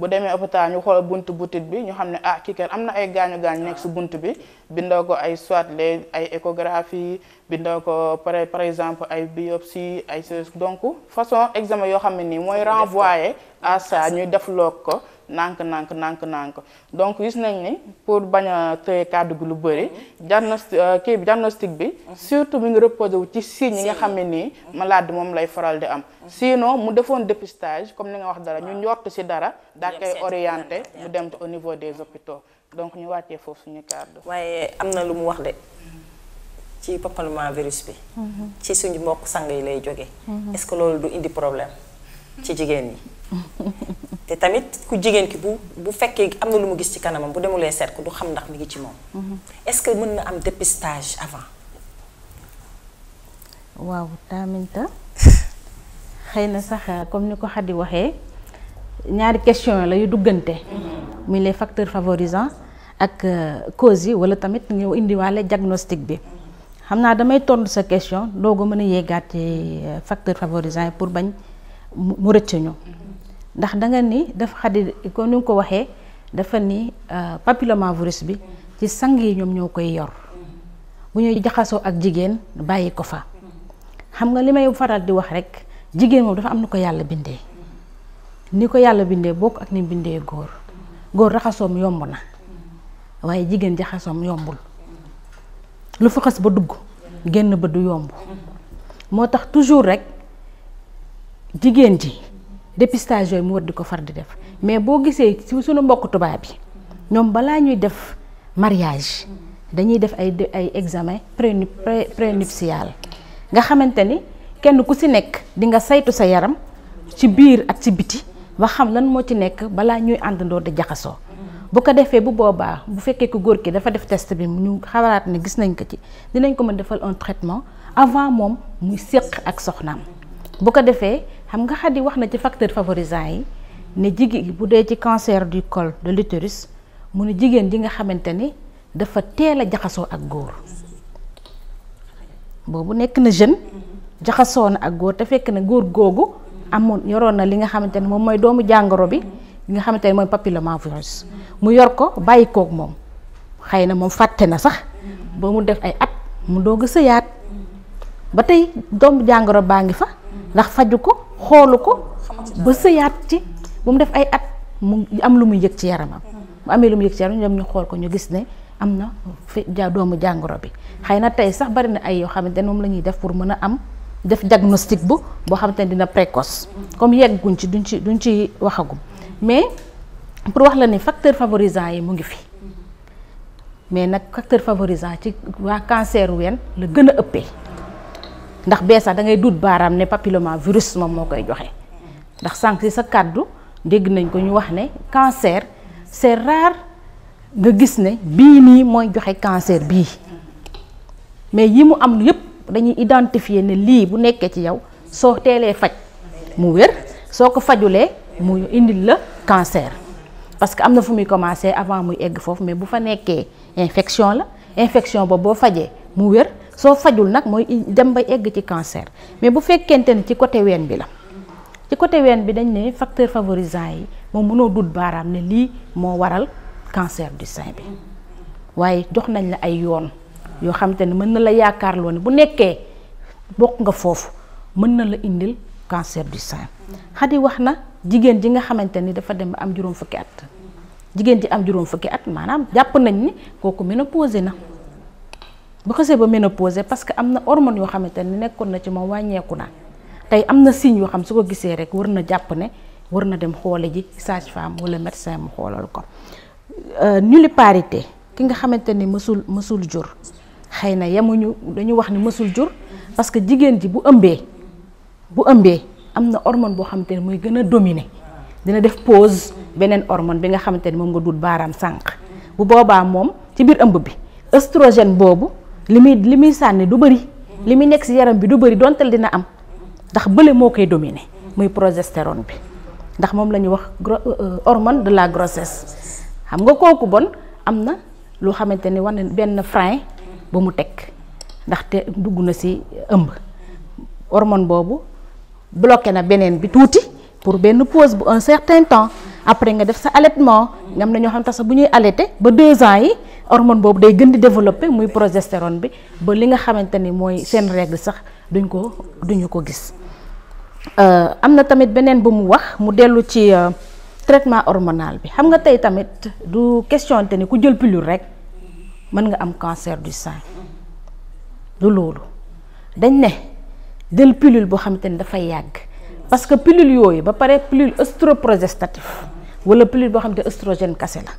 bu demee hôpital ñu xool bunt butit bi ñu xam ne ah kii kan am na ay gaañu gaañu nekk si bunt bi bindoo ko ay soit les ay échographie bindoo ko par par exemple ay biopsie ay donc façon examen yoo xam ne nii mooy renvoyer à ça ñuy def loog ko nànk nànk nànk nànk donc gis nañ ni pour bañ a tëye kàddu gi lu bëri diagnostic euh, kii bi diagnostic bi mhm. surtout mu ngi reposé wu ci signes yi nga xam ne nii mhm. malade moom lay faral di am mhm. sinon mu defoon dépistage comme ni nga wax dara ñu njort si dara daa koy orienté mu dem au niveau des hôpitaux donc ñu wàccee foofu suñu kàddu waaye am na lu mu wax de ci papillomavirus bi ci suñu mbokk sang yi lay jógee est loolu du indi problème ci jigéen yi te tamit ku jigéen ki bu bu fekkee am na lu mu gis ci kanamam bu demulee seet ko du xam ndax mi ngi ci moom. Mm-hmm. est-ce que mën na am dépistage avant. waaw taaminta xëy na sax comme ni ko Khady waxee ñaari question la yu duggante. Mm-hmm. muy les facteurs favorisant ak euh, causes yi wala tamit ñëw indiwaale diagnostic bi. Mm-hmm. xam naa damay tontu sa question doo ko mën a yeggaat facteur facteurs favorisants yi pour bañ mu rëcc ñu. ndax danga ni dafa xaddi ko ni ko waxee dafa ni euh, papillomavirus bi ci sang yi ñoom ñoo koy yor bu ñuy jaxasoo ak jigéen bàyyi ko fa xam nga li may faral di wax rek jigéen moom dafa am ni ko yàlla bindee ni ko yàlla bindee bokk ak ni bindee góor góor raxasoom yomb na waaye jigéen jaxasoom yombul lu fa xas ba dugg génn ba du yomb moo tax toujours rek jigéen ji dépistage yooyu mu war di ko far di def mais boo gisee ci sunu mbokk tubaab bi ñoom balaa ñuy def mariage dañuy def ay ay examen prénu prénuptial nga xamante ni kenn ku si nekk di nga saytu sa yaram ci biir ak ci biti ba xam lan moo ci nekk balaa ñuy àndandoo di jaxasoo bu ko defee bu boobaa bu fekkee ko góor ki dafa def test bi ñu xalaat ne gis nañ ko ci dinañ ko mën defal un traitement avant moom muy séq ak soxnaam bu ko defee. xam nga xaddi wax na ci facteur favorisant yi ne jigéen bu dee ci cancer du col de l'utérus mu ne jigéen ji nga xamante ni dafa teel a jaxasoo ak góor boobu nekk na jeune jaxasoo na ak góor te fekk na góor googu amoon yoroon na li nga xamante ne moom mooy doomu jàngoro bi li nga xamante ne mooy papillomavirus mu yor ko bàyyi koog moom xëy na moom fàtte na sax ba mu def ay at mu doog a sëyaat ba tey doomu jàngoro baa ngi fa ndax faju ko. xoolu ko ba sëyaat ci ba mu def ay at mu am lu muy yëg ci yaramam mu amee lu mu yëg ci yaramam ñoom ñu xool ko ñu gis ne am na fi doomu jàngoro bi xëy na tey sax bari na ay yoo xamante ne moom la ñuy def pour mën a am def diagnostic bu boo xamante ne dina précoce comme yegguñ ci duñ ci duñ ci waxagum mais pour wax la ne facteur favorisant yi mu ngi fi mais nag facteur favorisant ci waa cancer ween la gën a ëppee ndax bee sax da ngay dut baaraam ne papillomavirus moom moo koy joxe ndax sànq si sa kàddu dégg nañ ko ñu wax ne cancer c'est rare nga gis ne bii nii mooy joxe cancer bii mais yi mu am yépp dañuy identifier ne lii bu nekkee ci yow soo teelee faj mu wér soo ko fajulee mu indil la cancer parce que am na fu muy commencer avant muy egg foofu mais bu fa nekkee infection la infection ba boo fajee mu wér soo fajul nag mooy dem ba egg ci cancer mais bu fekkente ne ci côté ween bi la ci côté ween bi dañ ne facteur favorisant yi moo mënoo dut baaraam ne lii moo waral cancer du sein bi waaye jox nañ la ay yoon yoo xamante te ne mën na la yaakaar loo ne bu nekkee bokk nga foofu mën na la indil cancer du sein xadi wax na jigéen ji nga xamante ni dafa dem am juróom fukki at jigéen ji am juróom fukki at maanaam jàpp nañ ni kooku ménopause na bu xasee ba ménopause parce que am na hormone yoo xamante ni nekkoon na ci moom wàññeeku na tey am na signe yoo xam su ko gisee rek war na jàpp ne war na dem xoole ji sage-femme wala médecin mu xoolal ko euh, nulliparité ki nga xamante ni mësul mësul jur xëy na yemuñu dañu wax ni mësul jur parce que jigéen ji bu ëmbee bu ëmbee am na hormone boo xamante ni muy gën a dominer dina def pause beneen hormone bi nga xamante ni moom nga dul baaraam sànq bu boobaa moom ci biir ëmb bi œstrogène boobu li muy li muy sànni du bëri li mu nekk ci yaram bi du bëri dontal dina am ndax bële moo koy dominer muy progestérone bi ndax moom la ñuy wax euh, euh, hormone de la grossesse xam nga kooku bon am na loo xamante ni war na benn frein ba mu teg ndaxte dugg na ci ëmb hormone boobu bloqué na beneen bi tuuti pour benn pause bu un certain temps après nga def sa allaitement nga am na ñoo xam ne sax bu ñuy allaité ba deux ans yi hormone boobu day gën di développer muy progestérone bi ba li nga xamante ni mooy seen règle sax duñ ko duñu ko gis euh, am na tamit beneen ba mu wax mu dellu ci euh, traitement hormonal bi xam nga tey tamit du question te ni ku jël pilule rek mën nga am cancer du sein du loolu dañ ne jël pilule boo xamante ni dafay yàgg parce que pilule yooyu ba pare pilule œstroprogestatif wala pilule boo xam ni œstrogène kase la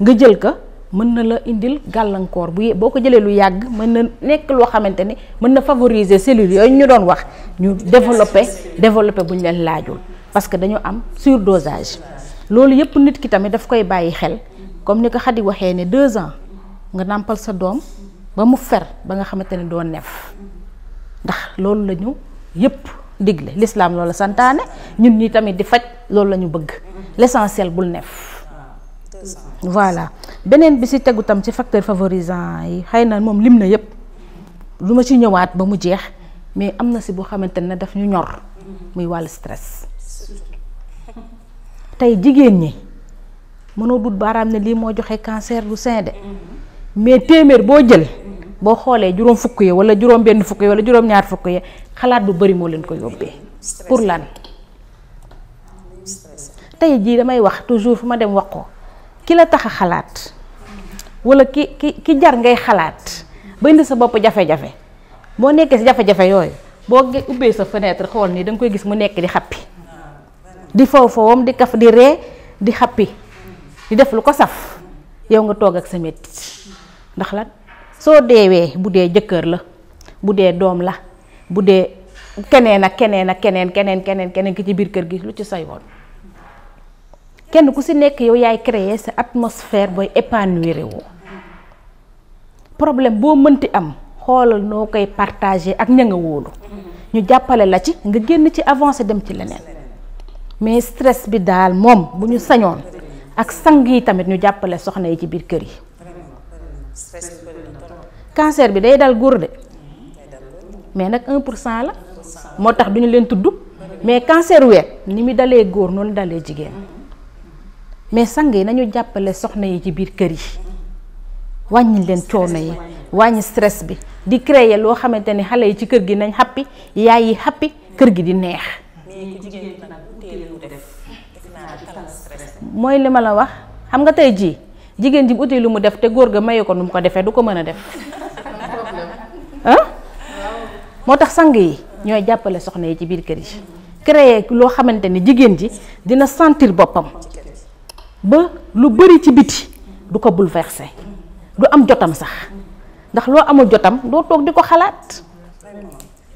nga jël ko. mën na la indil gàllankoor bu boo ko jëlee lu yàgg mën na nekk loo xamante ni mën na favoriser cellules yooyu ñu doon wax ñu développer développer bu ñu leen laajul parce que dañu am surdosage loolu yëpp nit ki tamit daf koy bàyyi xel comme ni ko Khady waxee ne deux ans nga nàmpal sa doom ba mu fer ba nga xamante ne doo neef ndax loolu la ñu yëpp digle l'islam loolu santaane ñun ñi tamit di faj loolu la ñu bëgg l'essentiel bul neef voilà beneen bi ci tegu tam ci facteur favorisant yi xëy na moom lim na yëpp lu ma ci ñëwaat ba mu jeex mais am na si boo xamante ne daf ñu ñor muy wàll stress tey jigéen ñi mënoo dut baaraam ne lii moo joxe cancer du sein de mais téeméer boo jël boo xoolee juróom fukk yi wala juróom benn fukk yi wala juróom ñaar fukk yi xalaat bu bari moo leen ko yóbbee pour lan tey jii damay wax toujours fu ma dem wax ko ki la tax a xalaat wala ki ki ki jar ngay xalaat ba indi sa bopp jafe-jafe boo nekkee si jafe-jafe yooyu boo ubbee sa fenêtre xool nii da koy gis mu nekk di xappi di faw fawam di kaf di ree di xappi di def lu ko saf yow nga toog ak sa mettit ndax la soo deewee bu dee jëkkër la bu dee doom la bu dee keneen ak keneen ak keneen keneen keneen keneen ki ci biir kër gi lu ci say woon kenn ku si nekk yow yaay créer sa atmosphère booy épanouir wu problème boo mënti am xoolal noo koy partager ak ña ñu jàppale la ci nga génn ci avancé dem ci leneen mais stress bi daal moom bu ñu sañoon ak sang yi tamit ñu jàppale soxna yi ci biir kër yi cancer bi day dal góor de mais nag un pour cent la moo tax du ñu leen tudd mais cancer ween ni mu dalee góor noonu dalee jigéen mais sang yi nañu jàppale soxna yi ci biir kër yi wàññi leen coono yi wàññi stress bi di créer loo xamante ni xale yi ci kër gi nañ xappi yaay yi xappi kër gi di neex mooy li ma la wax xam nga tey jii jigéen ji bu uti lu mu def te góor ga mayu ko nu mu ko defee du ko mën a def moo tax sang yi ñooy jàppale soxna yi ci biir kër yi créer loo xamante ni jigéen ji dina sentir boppam ba lu bëri ci biti du ko bul bouleversé du am jotam sax ndax loo amul jotam doo toog di ko xalaat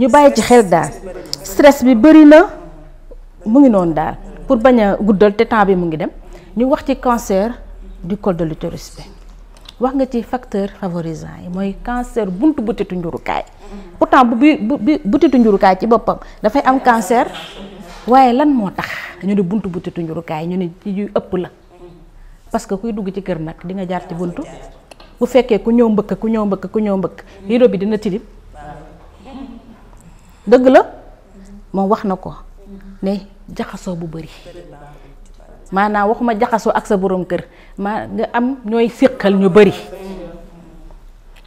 ñu bàyyi ci xel daal stress bi bëri na mu ngi noonu daal pour bañ a guddal te temps bi mu ngi dem ñu wax ci cancer du col de l'utérus bi wax nga ci facteur favorisant yi mooy cancer buntu butitu njurukaay pourtant bu bi butitu njurukaay ci boppam dafay am cancer waaye lan moo tax ñu ne buntu butitu njurukaay ñu ne ci yu ëpp la. parce que kuy dugg ci kër nag di nga jaar ci buntu bu fekkee ku ñëw mbëkk ku ñëw mbëkk ku ñëw mbëkk rido bi dina tilim dëgg la moom wax na ko ne jaxasoo bu bari maanaam waxuma jaxasoo ak sa borom kër maa nga am ñooy séqal ñu bari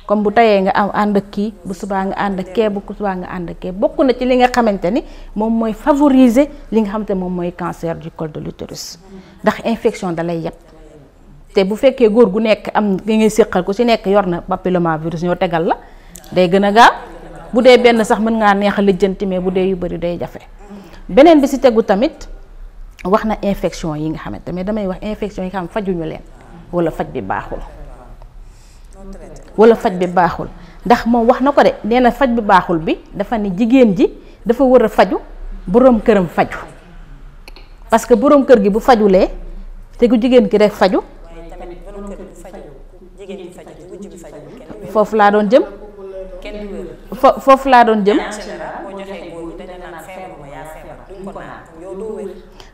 comme bu tayee nga am ànd ak kii bu subaa nga ànd ak kee bu subaa nga ànd ak kee bokk na ci li nga xamante ni moom mooy favoriser li nga xamante moom mooy cancer du col de l'utérus ndax infection dalay yàpp te bu fekkee góor gu nekk am li ngay séqal ku si nekk yor na papillomavirus ñoo tegal la day gën a gaaw bu dee benn sax mën ngaa neex a lijjanti mais bu dee yu bëri day jafe beneen bi si tegu tamit wax na infection yi nga xamante mais damay wax infection yi nga xam fajuñu leen walla faj bi baaxul walla faj bi baaxul ndax moom wax na ko de nee faj bi baaxul bi dafa ne jigéen ji dafa war a faju boroom këram faju parce que boroom kër gi bu fajulee te jigéen ki rek faju jëkkër bi fajul jigéen bi foofu laa doon jëm. foofu laa doon jëm. en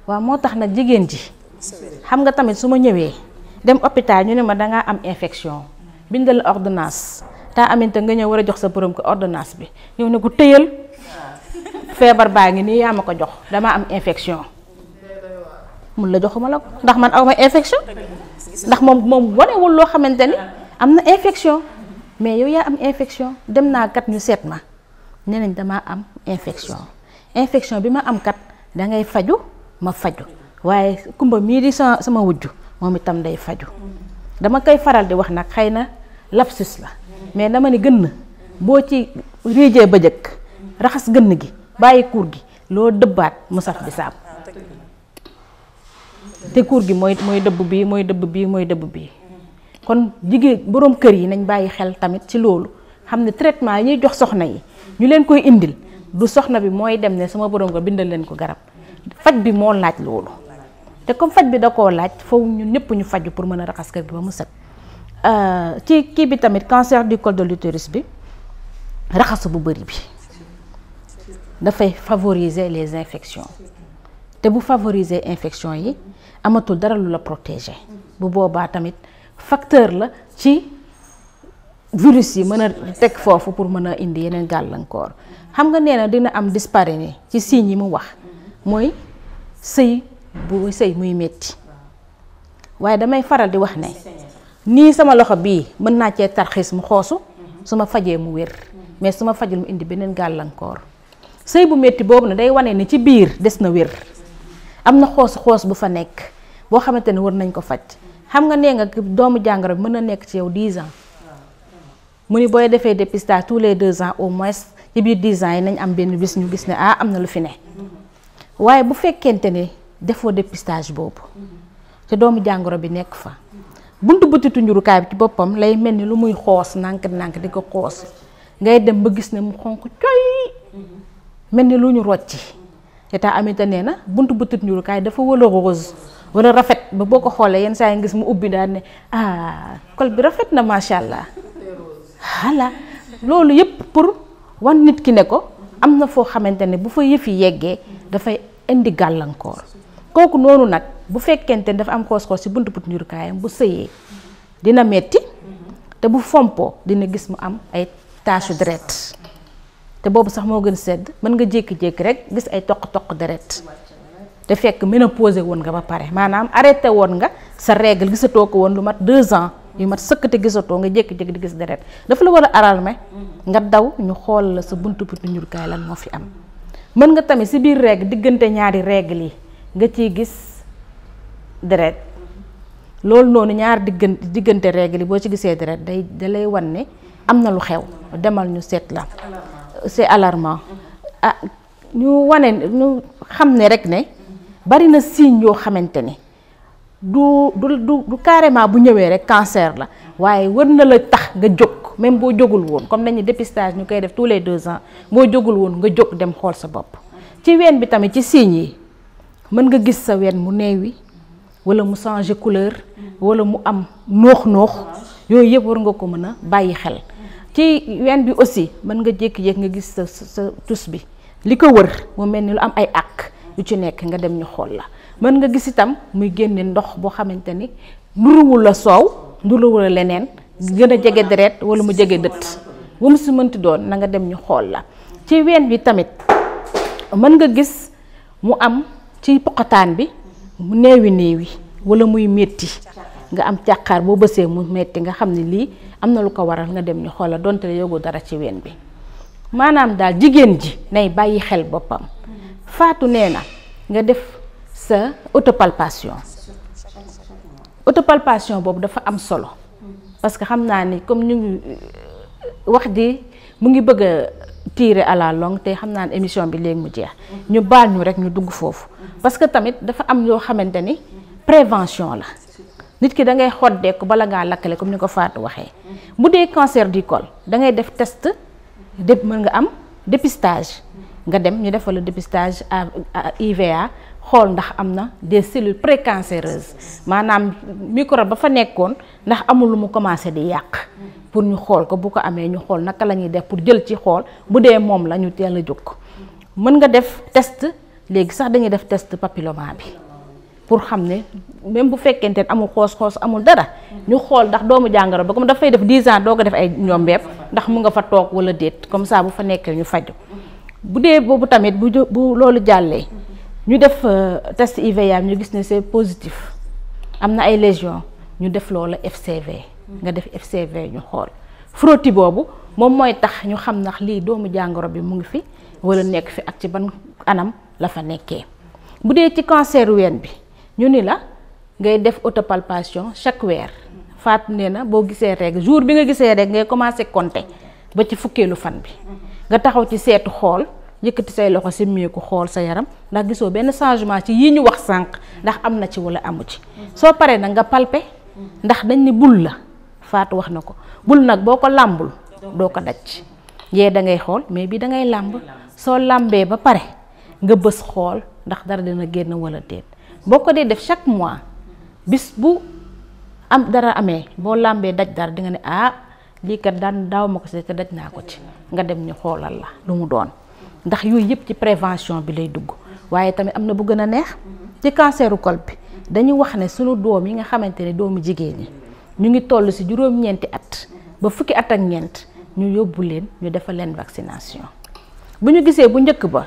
waaw moo tax nag jigéen ji. xam nga tamit su ma ñëwee. dem hôpital ñu ne ma dangaa am infection. bindal ordonnance. taa aminte nga ñëw war a jox sa borom ko ordonnance bi ñëw ne ko tëyal. Ah. feebar baa ngi nii yaa ma ko jox damaa am infection. mun la joxuma la ko ndax man awma infection. ndax moom moom wanewul loo xamante ni am na infection mais yow yaa am infection dem naa kat ñu seet ma nee nañ damaa am infection infection bi ma am kat da ngay faju ma faju waaye kumba mii di sama wujju moom itam day faju dama koy faral di wax nag xëy na lapsus la mais dama ni gën na boo ci riijee ba jëkk raxas gënn gi bàyyi kuur gi loo dëbbaat mu saf bi saab te kuur gi mooy mooy dëbb bii mooy dëbb bii mooy dëbb bi kon jigéen boroom kër yi nañ bàyyi xel tamit ci loolu xam ne traitement yi ñuy jox soxna yi ñu leen koy indil du soxna bi mooy dem ne sama boroom ko bindal leen ko garab faj bi moo laaj loolu te comme faj bi da koo laaj foofu ñun ñëpp ñu faju pour mën a raxas kër gi ba mu set euh, ci kii bi tamit cancer du col de l'utérus bi raxasu bu bëri bi dafay favoriser les infections te bu favoriser infection yi amatul dara lu la protéger bu boobaa tamit facteur la ci virus yi mën a teg foofu pour mën a indi yeneen gàllankoor xam nga nee na dina am disparité ci signes yi mu wax mooy sëy bu sëy muy metti waaye damay faral di wax ne nii sama loxo bii mën naa cee tarxiis mu xoosu su ma fajee mu wér mais su ma fajul mu indi beneen gàllankoor sëy bu metti boobu na day wane ni ci biir des na wér am na xoos-xoos bu fa nekk boo xamante ne war nañ ko faj xam nga nee nga doomu jàngoro bi mën na nekk ci yow 10 ans mu ni booy defee dépistage tous les deux ans au moins ci biir 10 ans yi nañ am benn bis ñu gis ne ah am na lu fi ne waaye bu fekkente ne defoo dépistage boobu te doomu jàngoro bi nekk fa bunt bëtitu njurukaay bi ci boppam lay mel ni lu muy xoos nànk-nànk di ko xoos ngay dem ba gis ne mu xonq coy mel ni lu ñu rocci te taa amita nee na bunt bëtut njurukaay dafa wala rose wala rafet ba boo ko xoolee yenn saa yi ngis mu ubbi daal ne ah col bi rafet na macha allah voilà loolu yëpp pour wan nit ki ne ko am na foo xamante ne bu fa yëfi yeggee dafay indi gàllankoor kooku noonu nag bu fekkente ne dafa am xoos-xoos ci buntu bëtut njurukaayam bu sëyee dina metti te bu fompoo dina gis mu am ay tache deret te boobu sax moo gën sedd mën nga jékki-jékki rek gis ay toq-toq deret de fekk ménopausé woon nga ba pare maanaam arrêté woon nga sa régle gisatoo ko woon lu mat deux ans yu mat sëkk te gisatoo nga jékki-jékki di gis deret dafa la war a alarmer nga daw ñu xool la sa buntu buntu njurukaay lan moo fi am mën nga tamit si biir règle diggante ñaari règle yi nga ciy gis deret loolu noonu ñaari diggante diggante règle yi boo ci gisee deret day dalay wan ne am na lu xew demal ñu seet la c'est alarmant ah ñu wane ñu xam ne rek ne bari na signe yoo xamante ne du du du carrément bu ñëwee rek cancer la waaye war na la tax nga jóg même boo jógul woon comme nañu dépistage ñu koy def tous les deux ans boo jógul woon nga jóg dem xool sa bopp ci ween bi tamit ci signes yi mën nga gis sa ween mu neewi wala mu changer couleur wala mu am noox noox yooyu yëpp war nga ko mën a bàyyi xel ci ween bi aussi mën nga jékki-jékki nga gis sa sa tus bi li ko wër mu mel ni lu am ay àq yu ci nekk nga dem ñu xool la mën nga gis itam muy génne ndox boo xamante ni nuruwul la soow nuruwul la leneen gën a jege deret wala mu jege dëtt ba mu mënti doon na nga dem ñu xool la ci ween bi tamit mën nga gis mu am ci poqataan bi mu néewi néewi wala muy metti nga am càqaar boo bësee mu metti nga xam ne lii am na lu ko waral nga dem ñu xoolal donte yóbbu dara ci ween bi maanaam daal jigéen ji nay bàyyi xel boppam faatu nee na nga def sa autopalpation autopalpation boobu dafa am solo parce que xam naa ni comme ñu ngi euh, wax di mu ngi bëgg a tirer la longue te xam naa ne émission bi léegi mu jeex ñu baal ñu rek ñu dugg foofu parce que tamit dafa am yoo xamante ni prévention la nit ki da ngay xoddeeku bala ngaa lakkale comme ni ko Fatou waxee mu dee cancer di col da ngay def test de mën nga am dépistage nga dem ñu defal la dépistage IVA xool ndax am na des cellules précancéreuses maanaam micro ba fa nekkoon ndax amul lu mu commencé di yàq pour ñu xool ko bu ko amee ñu xool naka la ñuy def pour jël ci xool bu dee moom la ñu teel a jóg mën nga def test léegi sax dangay def test papilloma bi pour xam ne même bu fekkente ne amul xoos-xoos amul dara ñu xool ndax doomu jàngoro ba comme dafay def 10 ans doo ko def ay ñoom ndax mu nga fa toog wala déet comme ça bu fa nekkee ñu faju bu dee boobu tamit bu bu loolu jàllee ñu def euh, test IVA ñu gis ne c'est positif am na ay lésions ñu def loola FCV nga def FCV ñu xool frottis boobu moom mooy tax ñu xam ndax lii doomu jàngoro bi mu ngi fi wala nekk fi ak ci ban anam la fa nekkee bu dee ci cancer ween bi ñu ni la ngay def autopalpation chaque weer faat nee na boo gisee rek jour bi nga gisee rek ngay commencé compter ba ci fukkeelu fan bi nga taxaw ci seetu xool yëkkati say loxo simmeeku xool sa yaram ndax gisoo benn changement ci yi ñu wax sànq ndax am na ci wala amu ci soo paree nag nga palpe ndax dañ ni bul la faatu wax na ko bul nag boo ko làmbul doo ko daj yee da ngay xool mais bi da ngay làmb soo làmbee ba pare nga bës xool ndax dara dina génn wala déet boo ko dee def chaque mois bis bu am dara amee boo làmbee daj dara di nga ne ah lii kat daan daaw ma ko si te daj naa ko ci nga dem ñu xoolal la lu mu doon ndax yooyu yëpp ci prévention bi lay dugg waaye tamit am na bu gën a neex ci canceru col bi dañu wax ne sunu doom yi nga xamante ne doomu jigéen ñi ñu ngi toll si juróom-ñeenti at ba fukki at ak ñeent ñu yóbbu leen ñu defal leen vaccination bu ñu gisee bu njëkk ba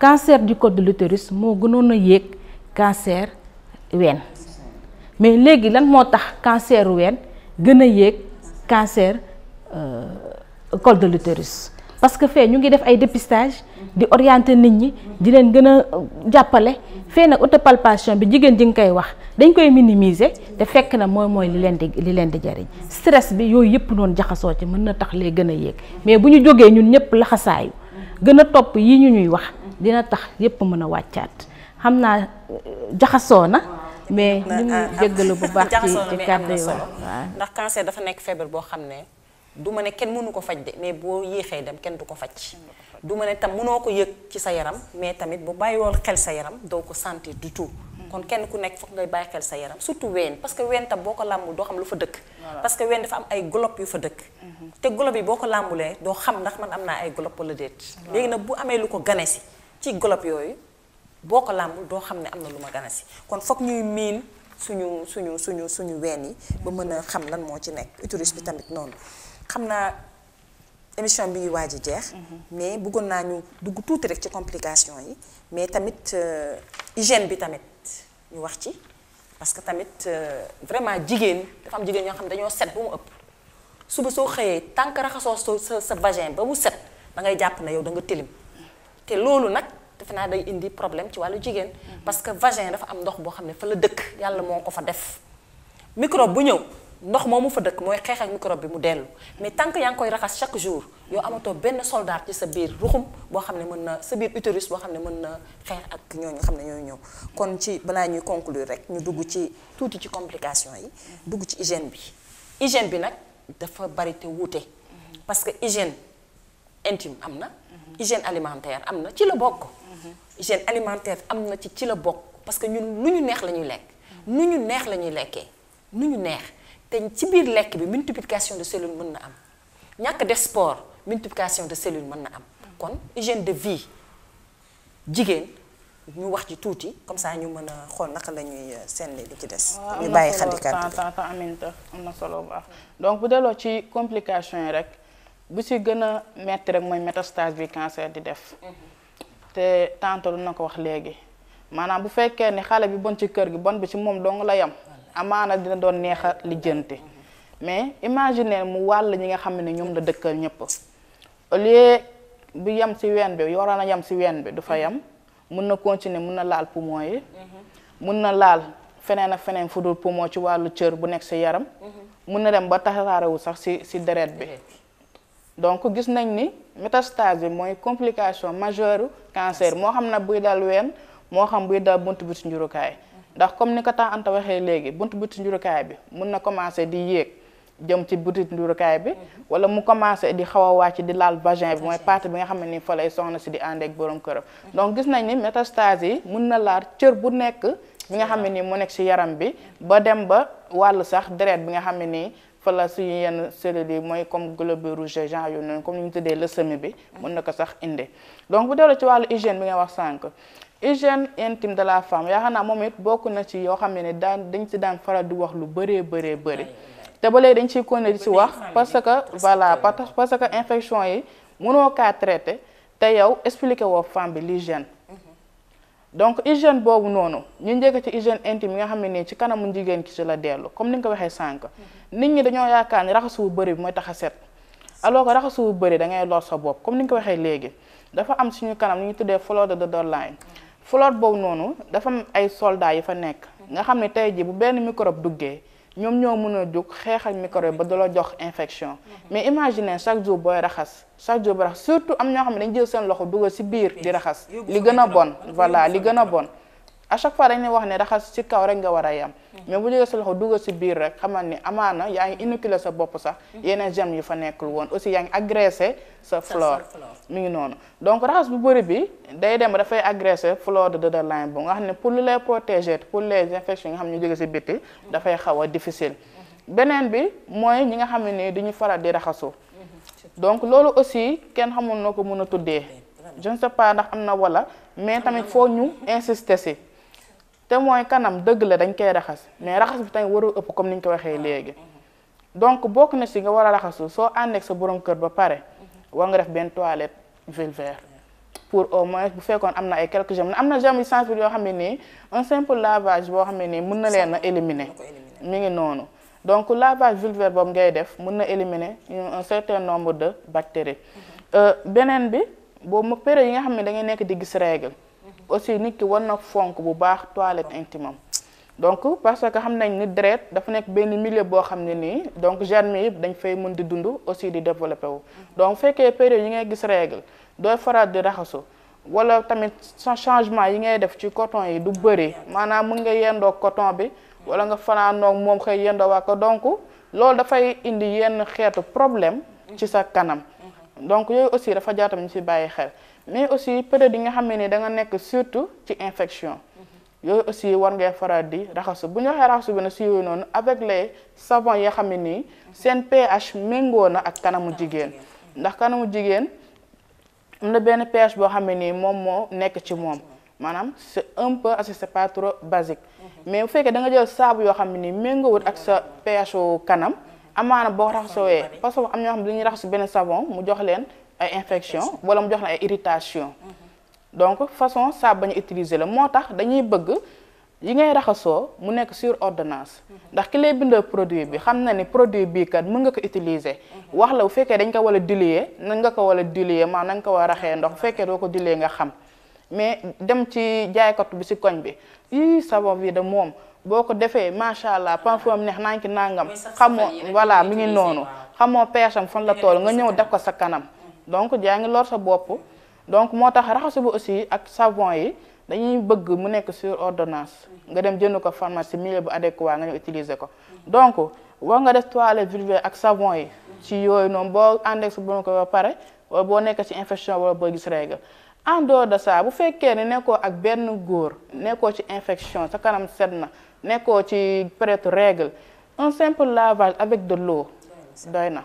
cancer du col de moo gënoon a yéeg cancer ween mais léegi lan moo tax cancer ween gën a yéeg cancer euh, col de l'utérus parce que fee ñu ngi def ay dépistage di orienter nit ñi di leen gën a euh, jàppale fee nag autopalpation bi jigéen ji nga koy wax dañ koy minimiser te fekk na mooy mooy li leen di li leen di jariñ stress bi yooyu yëpp noonu jaxasoo ci mën na tax lee gën a yéeg mais bu ñu jógee ñun ñëpp laxasaayu gën a topp yi ñu ñuy wax dina tax yëpp mën a wàccaat xam naa jaxasoo na. mais ñu ngi ah, ah. jéggalu bu baax. ci ci kàddu yi waaw ndax cancer dafa nekk feebar boo xam ne du ma ne kenn mënu ko faj de mais boo yéexee dem kenn du ko faj. du ma ne tam munoo ko yëg ci sa yaram mais tamit bu bàyyiwoon xel sa yaram doo ko sentir du kon kenn ku nekk foog ngay bàyyi xel sa yaram surtout ween parce que ween tam boo ko làmbul doo xam lu fa dëkk. parce que ween dafa am ay globe yu fa dëkk. Mhm. te globe yi boo ko làmbulee doo xam ndax man am naa ay globe wala déet. léegi nag bu amee lu ko gane si ci globe yooyu. boo ko làmbul doo xam ne am na lu ma gana si kon foog ñuy miin suñu suñu suñu suñu ween yi ba mën a xam lan moo ci nekk utérus bi tamit noonu xam naa émission bi ngi waaj jeex mhm. mais buggoon naa ñu dugg tuuti rek ci complication yi mais tamit euh, hygiène bi tamit ñu wax ci parce que tamit euh, vraiment jigéen dafa am jigéen ñoo xam ne dañoo set ba mu ëpp suba soo xëyee tànk raxasoo sa sa vagin ba mu set da ngay jàpp na yow da nga tilim te loolu nag defe naa day indi problème ci wàllu jigéen. parce que vagin dafa am ndox boo xam ne fa la dëkk yàlla moo ko fa def. microbe bu ñëw ndox moom mu fa dëkk mooy xeex ak microbe bi mu dellu mais tant que yaa ngi koy raxas chaque jour yow amatoo benn soldat ci sa biir ruxum boo xam ne mën na sa biir utérus boo xam ne mën na xeex ak ñooñu nga xam ne ñooy ñëw. kon ci balaa ñuy conclure rek ñu dugg ci tuuti ci complication yi. dugg ci hygiène bi hygiène bi nag dafa bari wuute. parce que hygiène intime am na. hygiène alimentaire am na ci la bokk. hygiène alimentaire am na ci ci la bokk parce que ñun lu ñu neex la ñuy lekk nu ñu neex la ñuy lekkee nu ñu neex te ci biir lekk bi multiplication de cellules mën na am ñàkk def sport multiplication de cellules mën na am kon hygiène de vie jigéen ñu wax ci tuuti comme saa ñu mën a xool naka lañuy ñuy euh, seen li ci des. ñu bàyyi xadikat am na solo bu baax donc bu delloo ci complication yi rek bu si gën a metti rek mooy métastase bi cancer di def. Mm-hmm. te tante lu na ko wax léegi maanaam bu fekkee ni xale bi bon ci kër gi bon bi ci moom dong la yem amaana dina doon neex a lijjanti mais imaginer mu wàll ñi nga xam ne ñoom la dëkkal ñëpp au lieu bu yem si ween bi yoroon a yem si ween bi dafa fa yem mun na continuer mun na laal poumon yi mun na laal feneen a feneen fu dul poumon ci wàllu cër bu nekk si yaram mhm. mun na dem ba tasaarewul sax si si deret bi donc gis nañ ni métastase bi mooy complication majeure cancer moo xam na buy dal ween moo xam buy dal bunt bi ci njurukaay ndax comme ni ko temps Anta waxee léegi bunt bi njurukaay bi mun na commencé di yéeg jëm ci butit njurukaay bi mhm. wala mu commencé di xaw a wàcc di laal vagin bi mooy partie bi nga xam ne ni fa lay soxna si di ànd ak borom këram mhm. donc gis nañ ni métastase yi mun na laal cër bu nekk bi nga xam ne nii mu nekk si yaram bi ba dem ba wàll sax deret bi nga xam ne nii fa la yenn cellules yi mooy comme globules rouges genre yu noonu comme ni ñu tëddee tuddee leucémie bi mën na ko sax inde donc bu delloo ci wàllu hygiène bi ngay wax sànq hygiène intime de la femme yaakaar naa moom it bokk na ci yoo xam ne ne daan dañ ci daan faral di wax lu bëree bëree bëri te ba dañ ciy continuer di ci wax parce que voilà parce que infection yi mënoo kaa traité te yow expliqué woo femme bi l'hygiène donc hygiène boobu noonu ñu njëkk ci hygiène intime mi nga xam ne nii ci kanamu jigéen ki ci la dellu comme ni nga ko waxee sànq. Mm-hmm. nit ñi dañoo yaakaar ni raxasu bu bëri bi mooy tax a set alors que raxasu bu bëri dangay ngay sa bopp comme ni nga ko waxee léegi dafa am suñu kanam ñu ngi tuddee flore de Dodelane. Mm-hmm. flore boobu noonu dafa am ay soldats yi fa nekk. nga xam ne tey jii bu benn microbe duggee. ñoom ñoo mën a jóg xeexal microbe ba dala jox infection mhm. mais imagine chaque jour booy raxas chaque jour booy raxas surtout am ñoo xam ne dañ jël seen loxo dugal ci biir di raxas li gën a bon voilà li gën a bon a chaque fois dañ lay wax ne raxas ci kaw rek nga war a yem mm. mais bu jógee sa loxo dugal si biir rek xamal ni amaana yaa ngi inoculé sa bopp sax mm. yeneen germes yu fa nekkul woon aussi yaa ngi agressé sa flore mi ngi noonu donc raxas bu bëri bi day dem dafay agressé flore de de line bu nga xam ne pour li lay protéger pour les infections yi nga xam ne ñu jógee ci bitti dafay xaw a difficile mm-hmm. beneen bi mooy ñi nga xam ne nii duñu faral di raxasu mm-hmm. donc loolu aussi kenn xamul noo ko mën a tuddee je sa sais pas ndax am na wala mais tamit foo ñu insister ci te mooy kanam dëgg la dañ koy raxas mais raxas bi tamit warul ëpp comme ni ñu ko waxee léegi donc bokk na si nga war a raxasu soo ànd sa borom kër ba pare war nga def benn toilette vulvaire pour au moins bu fekkoon am na ay quelques germes am na germes sensibles yoo xam ne nii un simple lavage boo xam ne nii mën na leen a éliminer mi ngi noonu donc lavage vulvaire boobu ngay def mun na éliminer un certain nombre de bactéries euh, beneen bi boobu période yi nga xam ne da ngay nekk di gis règle aussi nit ki war na fonk bu baax toilette intime am donc parce que xam nañ ni deret dafa nekk benn millier boo xam ne nii donc germes yëpp dañ fay mën di dund aussi di développé wu. donc fekkee période yi ngay gis règle dooy faral di raxasu wala tamit changement yi ngay def ci coton yi du bëri maanaam mën nga yendoo coton bi wala nga fanaanoo moom xëy yendoo waa ko donc loolu dafay indi yenn xeetu problème ci sa kanam donc yooyu aussi dafa jaar tamit ñu si bàyyi xel. mais aussi période yi nga xam ne ni da nekk surtout ci infection yooyu aussi war ngay faral di raxasu bu ñu waxee raxasu bi nag si yooyu noonu avec les savons yoo xam ne nii seen pH méngoo na ak kanamu jigéen ndax kanamu jigéen am na benn pH boo xam ne nii moom moo nekk ci moom maanaam c'est un peu assez c'est pas basique mais bu fekkee danga nga jël saabu yoo xam ne nii méngoowut ak sa pH kanam amaana boo raxasowee parce que am ñoo xam ne dañuy raxasu benn savon mu jox leen ay infection wala mu jox na ay irritation mm-hmm. donc façon saabu ba utiliser la moo tax dañuy bëgg yi ngay raxasoo mu nekk sur ordonnance mm-hmm. ndax ki lay bindoo produit bi xam na ni produit bii kat mun nga ko utiliser mm-hmm. wax la bu fekkee dañ ko war a diluer nan nga ko war a diluer maa na nga ko war a raxee ndox bu fekkee doo ko diluer nga xam mais dem ci jaaykat bi si koñ bi i savon bi de moom boo ko defee macha allah ah. parfum neex naa ngi nangam xamoo voilà mu ngi noonu xamoo peesam fan la toll nga ñëw def ko sa kanam donc yaa ngi lor sa bopp donc moo tax raxasu bi aussi ak savon yi dañuy bëgg mu nekk sur ordonnance nga dem jënd ko pharmacie milieu bu adéquat nga ñëw utiliser ko donc war nga def toilette vulvaire ak savon yi ci yooyu noonu boo ànd ak sa ko ba pare wala boo nekk ci infection wala boo gis règle en dehors de ça bu fekkee ne nekkoo ak benn góor nekkoo ci infection sa kanam set na nekkoo ci peut-être règle un simple lavage avec de l'eau doy na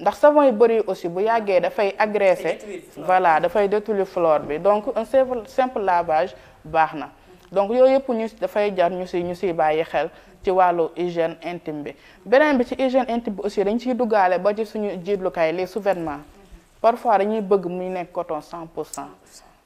ndax savon yu bëri aussi bu yàggee dafay agressé voilà dafay détruire flore bi donc un simple lavage baax na donc yooyu yëpp ñu dafay jar ñu si ñu si bàyyi xel ci wàllu hygiène intime bi beneen bi ci hygiène intime bi aussi dañ siy duggaale ba ci suñu jiitlukaay les sous-vêtements parfois dañuy bëgg muy nekk coton 100 pour cent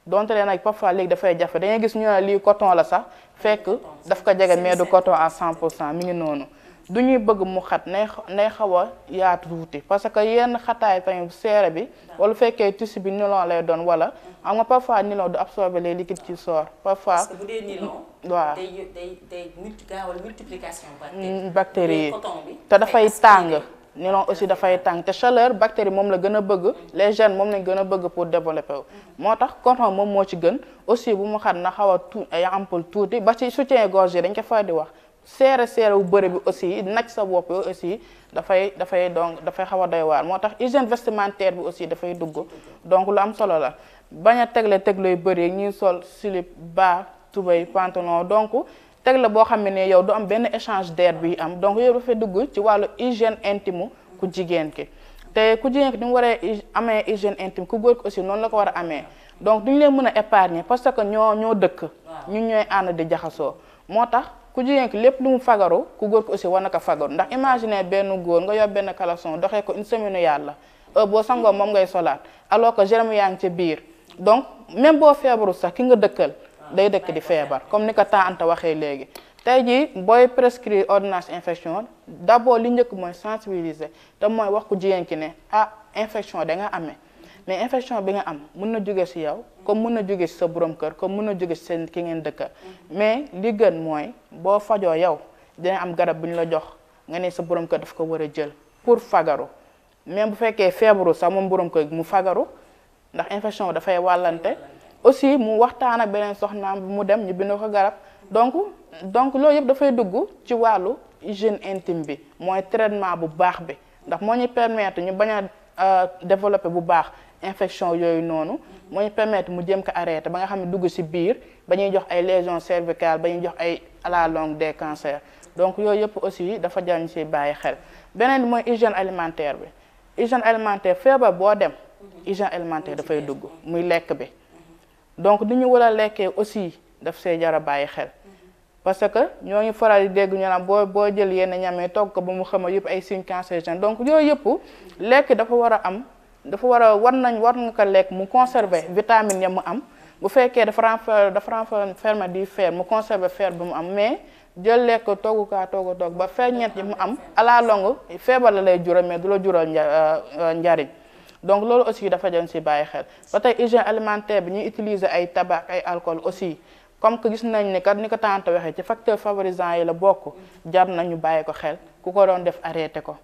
donte leen nag parfois léegi dafay jafe dañuy gis ñu ne lii coton la sax fekk daf ko jege mais du coton à 100 pour cent mi noonu du ñuy bëgg mu xat nay nay xaw a yaatu tuuti parce que yenn xataay tamit seere bi wala fekkee tissu bi nilon lay doon wala am nga parfois nilon du absorber les liquides ci sort parfois parce que bu dee nilon waaw day mm, te dafay tàng nilon aussi dafay tàng te chaleur bactérie moom la gën a bëgg mm-hmm. les gènes moom lañ gën a bëgg pour développer mm-hmm. moo tax coton moom moo ci gën aussi bu mu xat na xaw a tu ay ampoule tuuti ba ci soutien gorge yi dañ ko fay di wax seere seere wu bëre bi aussi nag sa bopp aussi dafay dafay donc dafay xaw a doy waar moo tax hygiène vestimentaire bi aussi dafay dugg donc lu am solo la bañ a tegle tegle yu bëri sol slip bas tubéy pantalon donc tegle boo xam ne yow du am benn échange d'air bi am donc yow dafay dugg ci wàllu hygiène intime ku jigéen ki te ku jigéen ki ni mu waree amee hygiène intime ku góor ki aussi noonu la ko war a amee donc duñu leen mën a épargner parce que ñoo ñoo dëkk ñun ñooy ànd di jaxasoo moo tax ku jigéen ki lépp lu mu fagaru ku góor ko aussi war na ka fagaru ndax imagine benn góor nga yor benn caleçon doxee ko une semaine yàlla boo sangoo moom ngay solaat alors que germe yaa ngi biir donc même boo feebaru sax ki nga dëkkal day dëkk di feebar comme ni ko taa Anta waxee léegi tey ji booy prescrire ordonnance infection d'abord li njëkk mooy sensibiliser te mooy wax ku jigéen ki ne ah infection da nga amee mais infection bi nga am mën na jóge si yow comme mën na jóge ci sa borom kër comme mën na jóge si seen ki ngeen dëkka mais li gën mooy boo fajoo yow dina am garab bu ñu la jox nga ne sa borom kër daf ko war a jël pour fagaru même bu fekkee feebaru sax moom borom kër mu fagaru ndax infection dafay wàllante aussi mu waxtaan ak beneen soxnaam bi mu dem ñu bindoo ko garab donc donc loolu yëpp dafay dugg ci wàllu hygiène intime bi mooy traitement bu baax bi ndax moo ñu permettre ñu bañ a euh, développer bu baax infection yooyu noonu mooy permettre mu jëm ko arrêté ba nga xam ne dugg ci biir ba ñuy jox ay lésions cervicales ba ñuy jox ay à la longue des cancers donc yooyu yëpp aussi dafa jar ñu bàyyi xel beneen mooy alimentaire bi hygiène feebar boo dem hygiène alimentaire dafay dugg muy lekk bi donc ni ñu war a lekkee aussi daf see jar a bàyyi xel parce que ñoo ngi faral di dégg ñu boo boo jël yenn ñamee togg ko ba mu xama yëpp ay signes cancérigènes donc yooyu yëpp lekk dafa war a am dafa war a war nañ war nga ko lekk mu conserver vitamine ya mu am bu fekkee dafa renfer dafa renfermer di fer mu conserver fer bi mu am mais jël lekk togg kaa togg toog ba ferñeent yi mu am alaalong la longue feebar la lay jural mais du la jural euh, euh, njariñ donc loolu aussi dafa jëm si bàyyi xel ba tey hygiène alimentaire bi ñuy utiliser ay tabac ay alcool aussi comme que gis nañ ni kat ni ko tante weexee ci facteur favorisant yi la bokk jar nañu bàyyi ko xel ku ko doon def arrêté ko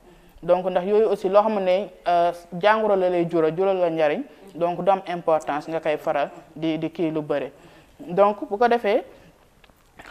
donc ndax yooyu aussi loo xam ne euh, jàngoro la lay jural jural la njariñ donc du am importance nga koy faral di di kii lu bëri donc bu ko defee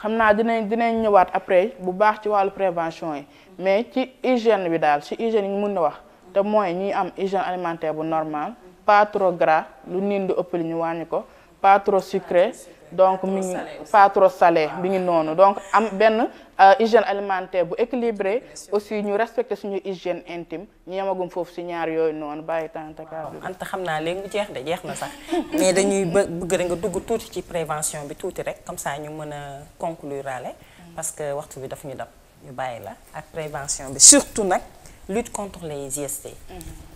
xam naa dinañ dinañ ñëwaat après bu baax ci wàllu prévention yi mais ci hygiène bi daal ci hygiène yi mun na wax te mooy ñuy am hygiène alimentaire bu normal pas trop gras lu niin du ëpp li ñu wàññi ko pas trop sucré donc mi ngi pas trop bi ah. ngi noonu donc am benn euh, hygiène alimentaire bu équilibré aussi ñu respecté suñu hygiène intime ñu yemagum foofu si ñaar yooyu noonu bàyyi tantaka anta xam naa léegi mu jeex de jeex na sax mais dañuy bëgg rek nga dugg tuuti ci prévention bi tuuti rek comme saa ñu mën a conclure ale parce que waxtu bi daf ñu dab ñu bàyyi la ak prévention bi surtout nag lutte contre les IST mm-hmm.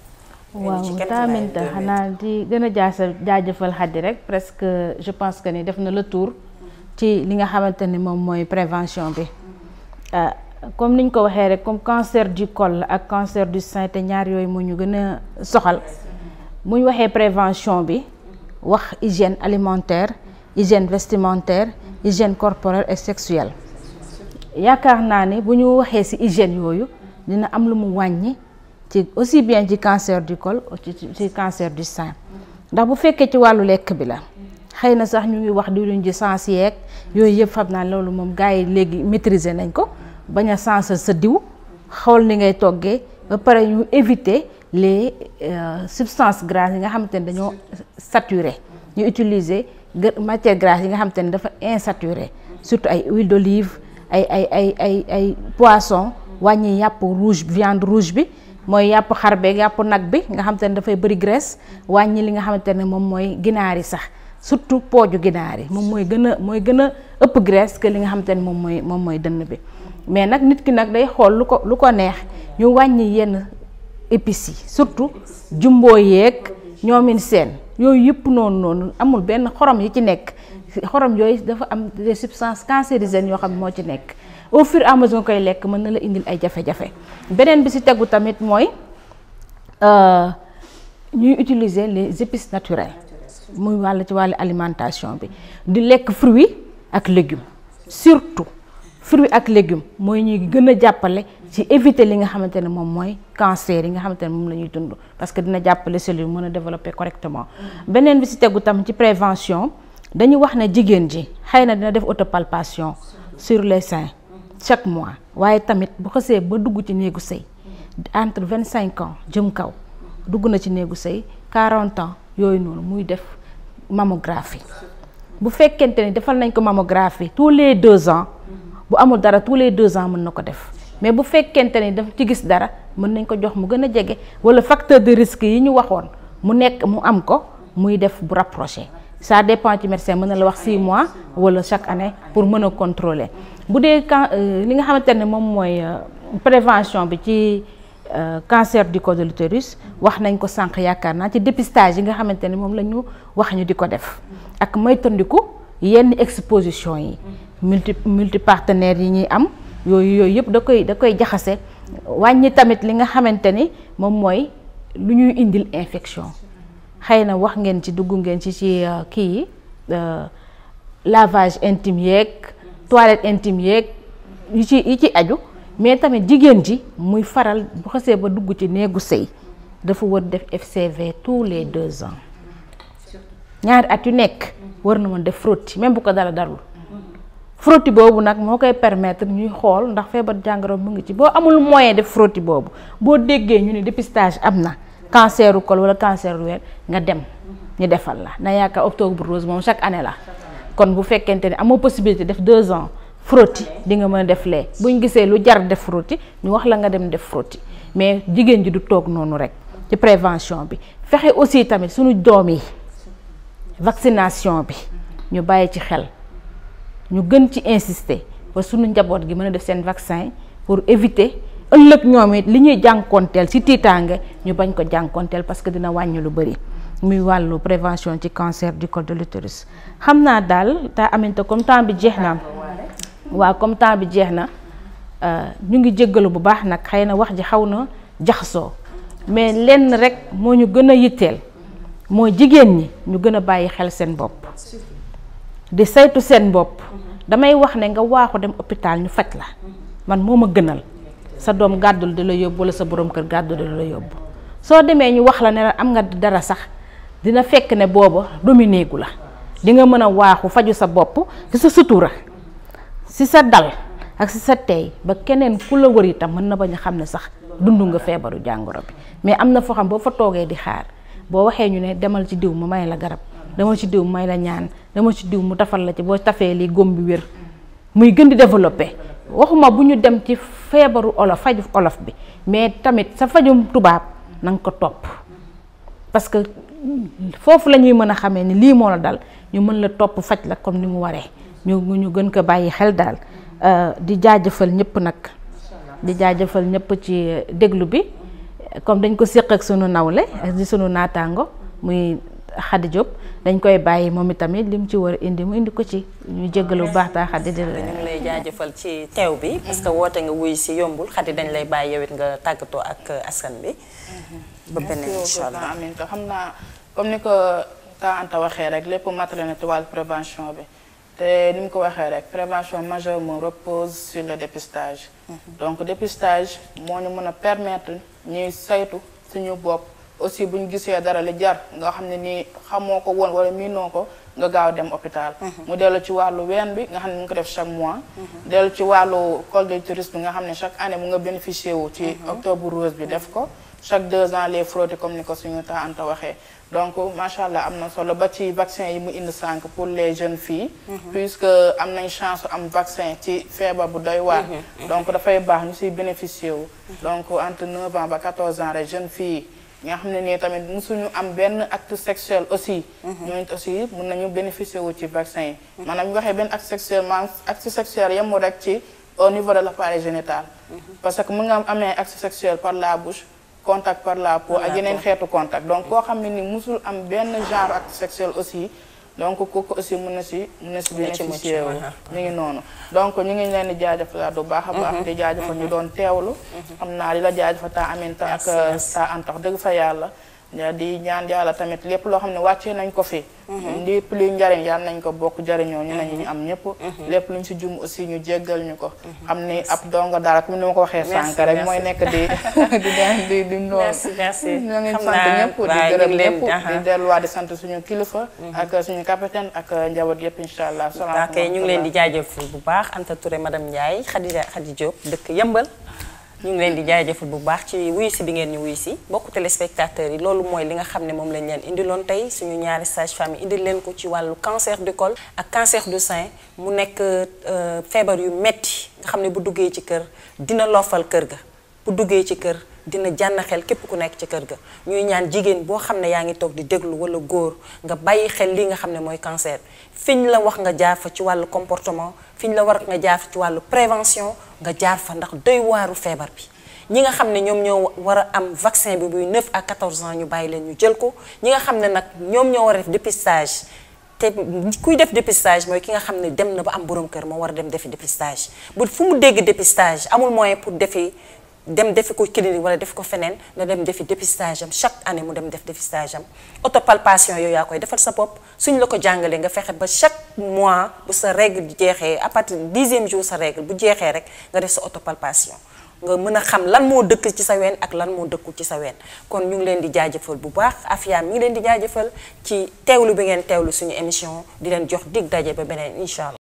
waaw daa mel ni xanaa di gën a jaasa jaajëfal Xadi rek presque je pense que ni def na le tour ci li nga xamante ni moom mooy prévention bi euh, comme niñ ko waxee rek comme cancer du col ak cancer du sein te ñaar yooyu moo ñu gën a soxal bu waxee prévention bi wax hygiène alimentaire hygiène vestimentaire hygiène corporelle et sexuelle yaakaar naa ni bu ñu waxee ci hygiène yooyu dina am lu mu wàññi. ci aussi bien ci cancer du col ci cancer du sein ndax bu fekkee ci wàllu lekk bi la xëy na sax ñu ngi wax diwlin di sens yeeg yooyu yëpp xam naa loolu moom gars yi léegi maîtriser nañ ko bañ a sensal sa diw xool ni ngay toggee pare ñu éviter les euh, substances grasses yi nga xamante ne dañoo saturé ñu utiliser matière grasse yi xamante ne dafa insaturé surtout ay huile d'olive ay ay ay ay ay poisson wàññi yàpp rouge viande rouge bi mooy yàpp xar beeg yàpp nag bi nga xamante ne dafay bëri graisse wàññi li nga xamante ne moom mooy ginaar yi sax surtout pooju ginaar yi moom mooy gën a mooy gën a ëpp graisse que li nga xamante ne moom mooy moom mooy dënn bi mais nag nit ki nag day xool lu ko lu ko neex ñu wàññi yenn épices yi surtout jumbo yeeg ñoomin seen yooyu yëpp noonu noonu amul benn xorom yi ci nekk xorom yooyu dafa am des substances cancérigènes yoo xam ne moo ci nekk au fur et nga koy lekk mën na la indil ay jafe-jafe beneen bi si tegu tamit mooy euh, ñuy utiliser les épices naturelles muy wàll ci wàllu alimentation bi di lekk fruits ak légumes surtout fruits ak légumes mooy ñuy gën a jàppale ci éviter li nga xamante ne moom mooy cancer yi nga xamante ne moom la ñuy dund parce que dina jàppale cellules mën a développer correctement beneen bi si tegu tam ci prévention dañu wax ne jigéen ji xëy na dina def autopalpation sur les seins chaque mois waaye tamit bu xasee ba dugg ci néegu sëy entre vingt cinq ans jëm kaw dugg na ci néegu sëy quarante ans yooyu noonu muy def mammographie bu fekkente ni defal nañ ko mamographie tous les deux ans bu amul dara tous les deux ans mën na ko def mais bu fekkente ni daf ci gis dara mën nañ ko jox mu gën a jege walla facteur de risque yi ñu waxoon mu nekk mu am ko muy def bu rapproché ça dépend ci médecin mën na la wax 6 mois wala chaque année pour mën a contrôler bu dee kan euh, li nga xamante ne moom mooy euh, prévention bi ci euh, cancer du col de l'utérus wax nañ ko sànq yaakaar naa ci dépistage yi nga xamante ni moom la ñu wax ñu di ko def ak moytandiku yenn exposition yi multi multipartenaires yi ñuy am yooyu yooyu yëpp da koy da koy jaxase wàññi tamit li nga xamante ni moom mooy lu ñuy indil infection xëy na wax ngeen ci dugg ngeen ci ci euh, kii yi euh, lavage intime yeeg toilette intime yeeg yi ci yi ci aju mais tamit jigéen ji muy faral bu xasee ba dugg ci néegu sëy dafa war def FCV tous les deux ans ñaari at yu nekk war na mën def frottis même bu ko dara darul frottis boobu nag moo koy permettre ñuy xool ndax feebar jàngoro mu ngi ci boo amul moyen def frottis boobu boo déggee ñu ne dépistage am na canceru col wala canceru ween nga dem ñu defal la na yaakaar octobre rose moom chaque année la kon bu fekkente ne amoo possibilité def deux ans frotti di nga mën a def lee buñ gisee lu jar def frotti ñu wax la nga dem def frotti mais jigéen ji du toog noonu rek ci prévention bi fexe aussi tamit suñu doom yi vaccination bi ñu bàyyi ci xel ñu gën ci insister ba suñu njaboot gi mën a def seen vaccin pour éviter ëllëg ñoom it li ñuy jànkoonteel ci tiitaange ñu bañ ko jànkoonteel parce que dina wàññi lu bëri muy wàllu prévention ci cancer du col de l'utérus xam naa daal taa aminte comme temps bi jeex na waaw comme temps bi jeex na euh, ñu ngi jéggalu bu baax nag xëy na wax ji xaw na jaxsoo mais lenn rek moo ñu gën a yitteel moo jigéen ñi ñu gën a bàyyi xel seen bopp di saytu seen bopp mm-hmm. damay wax ne nga waaxu dem hôpital ñu faj la man moo ma gënal sa doom gàddul di la yóbbu wala sa borom kër gàddul di la yóbbu soo demee ñu wax la ne am nga dara sax dina fekk ne booba dominé gu la di nga mën a waaxu faju sa bopp ci sa sutura si sa dal ak si sa tey ba keneen ku la wër itam mën na ba a xam ne sax dund nga feebaru jàngoro bi mais am na foo xam boo fa toogee di xaar boo waxee ñu ne demal ci diw mu may la garab demal ci diw mu may la ñaan demal ci diw mu tafal la ci boo tafee li góom bi wér muy gën di développé waxuma bu ñu dem ci feebaru olof faju olof bi mais tamit sa fajum tubaab nanga ko topp parce que foofu la ñuy mën a xamee ni lii moo la dal ñu mën la topp faj la comme ni mu waree ñu ñu gën ko bàyyi xel daal euh, di jaajëfal ñëpp nag di jaajëfal ñëpp ci déglu bi comme dañ ko séq ak sunu nawle ak di sunu naataango muy xaddi Diop dañ koy bàyyi moom itamit lim ci war a indi mu indi ko ci ñu jéggalu bu baax taa Khady di la ñu ngi lay jaajëfal ci teew bi parce que woote nga wuy si yombul Khady dañ lay bàyyi yow it nga tàggatoo ak askan bi ba beneen incha allah amiin ko xam naa comme ni ko taa waxee rek lépp matale ci wàllu prévention bi te ni ko waxee rek prévention majeure moom repose sur le dépistage mhm. donc dépistage moo ñu mën a permettre ñuy saytu suñu bopp aussi bu ñu gisee dara li jar nga xam ne nii xamoo ko woon wala miinoo ko nga gaaw dem hôpital. Mhm. mu dellu ci wàllu ween bi nga xam ne mu ngi ko def chaque mois. Mhm. dellu ci wàllu col de bi nga xam ne chaque année mu nga bénéficié wu. ci mhm. octobre rose bi def ko. chaque deux ans les frotter comme ni ko suñu taa Anta waxee donc macha allah am na solo ba ci vaccin yi mu indi sànq pour les jeunes filles. puisque am nañ chance am vaccin ci feebar bu doy waar. donc dafay baax ñu siy bénéficié wu. donc entre 9 ans ba 14 ans jeunes filles. nga xam ne nii tamit musuñu am benn acte sexuel aussi. Mhm. ñooñu aussi mun nañu bénéficier wu ci vaccin yi. maanaam ñu waxee benn acte sexuel maanaam acte sexuel yemoo rek ci au niveau de l'appareil génétal mhm. parce que mun nga amee acte sexuel par la bouche. contact par la peau ak yeneen xeetu contact donc mhm. koo xam ne ni musul am benn genre acte sexuel aussi. donc kooku aussi mun na si mën na si bénéficié wu ñu ngi noonu donc ñu ngi leen di jaajëfalaat bu baax a baax mm-hmm. di jaajëfal ñu mm-hmm. doon teewlu mm-hmm. xam naa di la jaajëfal taa amin ak taa antax dëgg fa yàlla di ñaan yàlla tamit lépp loo xam ne wàcce nañ ko fi. Mhm. lépp luy njariñ yàlla nañ ko bokk jariñoo ñu nañu ñu mhm. am ñëpp mhm. lépp luñ si jum aussi ñu jéggal ñu ko am ni ab dongo daal comme ni ko waxee sànk rek mooy nekk di di di di ngi sant ñëpp di gërëm ñëpp di delluwaat di sant suñu kilifa ak suñu capitaine ak njaboot yëpp insha allah salaam ñu ngi leen di jaajëfal bu baax Anta Touré madame Ndiaye Khadija Khadi Diop dëkk Yëmbal ñu ngi leen di jaajëfal bu baax ci wuyu bi ngeen ñu wuyu si bokku téléspectateurs yi loolu mooy li nga xam ne moom lañ leen indiloon tey suñu ñaari sage-femme yi indil leen ko ci wàllu cancer du col ak cancer du sein mu nekk euh, feebar yu metti nga xam ne bu duggee ci kër dina loofal kër ga bu duggee ci kër dina jànn xel képp ku nekk ci kër ga ñuy ñaan jigéen boo xam ne yaa ngi toog di déglu wala góor nga bàyyi xel li nga xam ne mooy cancer fiñ la wax nga ci wàllu comportement fiñ la war nga jaar ci wàllu prévention nga jaar fa ndax doy waaru feebar bi ñi nga xam ne ñoom ñoo war a am vaccin bi buy 9 à 14 ñu bàyyi leen ñu jël ko ñi nga xam ne nag ñoom ñoo war a def dépistage te kuy def dépistage mooy ki nga xam ne dem na ba am borom kër moo war a dem defi dépistage bu fu mu dégg dépistage amul moyen pour defi dem defi ko clinique wala def ko feneen na dem defi dépistage am chaque année mu dem def dépistage am autopalpation yooyu yaa koy defal sa bopp suñ la ko jàngalee nga fexe ba chaque mois bu sa règle jeexee à partir du dixième jour sa règle bu jeexee rek nga def sa autopalpation nga mën a xam lan moo dëkk ci sa ween ak lan moo dëkkul ci sa ween kon ñu ngi leen di jaajëfal bu baax Afia mi ngi leen di jaajëfal ci teewlu bi ngeen teewlu suñu émission di leen jox dig daje ba beneen incha allah